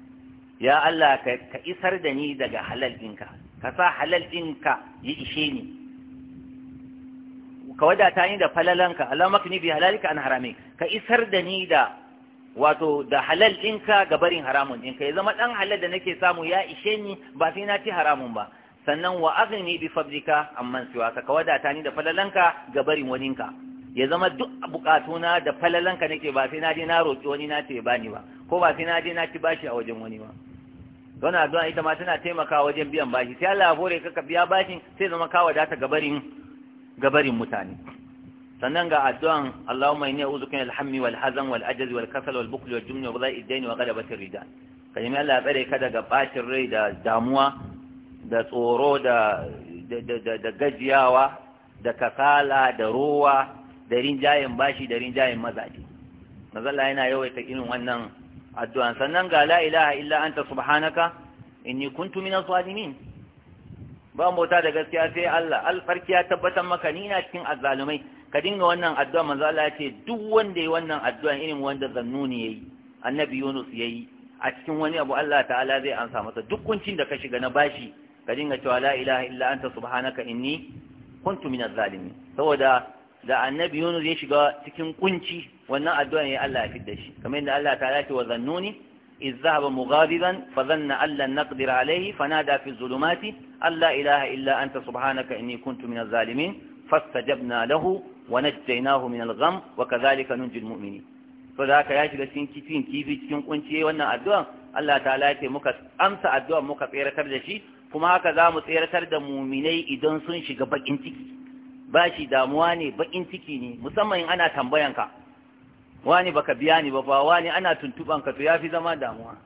ya Allah ka isar da ni daga halal dinka, ka sa halal dinka ya ishe ni ka wadata ni da falalanka Allah ni bi halalika an harami ka isar da ni da wato da halal ɗinka ga barin haramun in ka ya zama ɗan halal da nake samu ya ishe ni ba sai na ci haramun ba sannan wa aghni bi fadlika amma siwa ka wadata ni da falalanka ga barin waninka ya zama duk bukatuna da falalanka nake ba sai na je na roƙi wani na ce bani ba ko ba sai na je na ci bashi a wajen wani ba don addu'a ita ma tana taimaka wajen biyan bashi sai Allah ya hore ka biya bashin sai zama ka wadata ga barin gabarin mutane sannan ga addu'an Allahumma inni a'udhuka min al-hammi wal hazan wal ajazi, wal kasal wal bukhl wal jumni wa zai ad-dayn wa ghalabati ar-rijal kalimi Allah ya tsare ka daga bacin rai da damuwa da tsoro da da gajiyawa da kasala da ruwa, da rinjayen bashi da rinjayen mazaje mazalla yana yawaita irin wannan addu'an sannan ga la ilaha illa anta subhanaka inni kuntu minas zalimin ba mota da gaskiya sai Allah alfarki ya tabbatar maka ni na cikin azzalumai ka dinga wannan addu'a manzo Allah ya duk wanda yayi wannan addu'a irin wanda zannuni yayi annabi Yunus yayi a cikin wani abu Allah ta'ala zai ansa masa duk kuncin da ka shiga na bashi ka dinga cewa la ilaha illa anta subhanaka inni kuntu minaz zalimin saboda da annabi Yunus ya shiga cikin kunci wannan addu'a yayi Allah ya da shi kamar yadda Allah ta'ala ce wa zannuni إذ ذهب مغاضبا فظن أن لن نقدر عليه فنادى في الظلمات أن لا إله إلا أنت سبحانك إني كنت من الظالمين فاستجبنا له ونجيناه من الغم وكذلك ننجي المؤمنين فذاك يا شيخ cikin kifin kifi cikin kunci wannan addu'a Allah ta'ala ya ce muka amsa addu'a muka tseratar da shi kuma haka za mu tseratar da muminai idan sun shiga bakin ciki ba damuwa ne baƙin ciki ne musamman in ana tambayanka wani baka biya ni ba ba wani ana tuntuban ka to yafi zama damuwa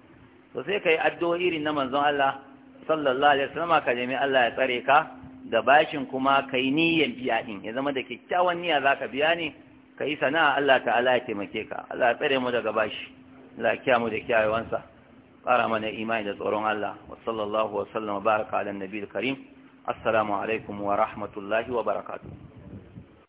to sai kai addu'o irin na manzon Allah sallallahu alaihi wasallam ka nemi Allah ya tsare ka da bashin kuma kai niyyan biya din ya zama da kyakkyawan niyya zaka biya ni kai sana'a Allah ta'ala ya taimake ka Allah ya tsare mu daga bashi Allah ya kiyamu da kiyayewansa ƙara mana imani da tsoron Allah wa sallallahu wa sallama baraka ala nabiyil karim assalamu alaikum wa rahmatullahi wa barakatuh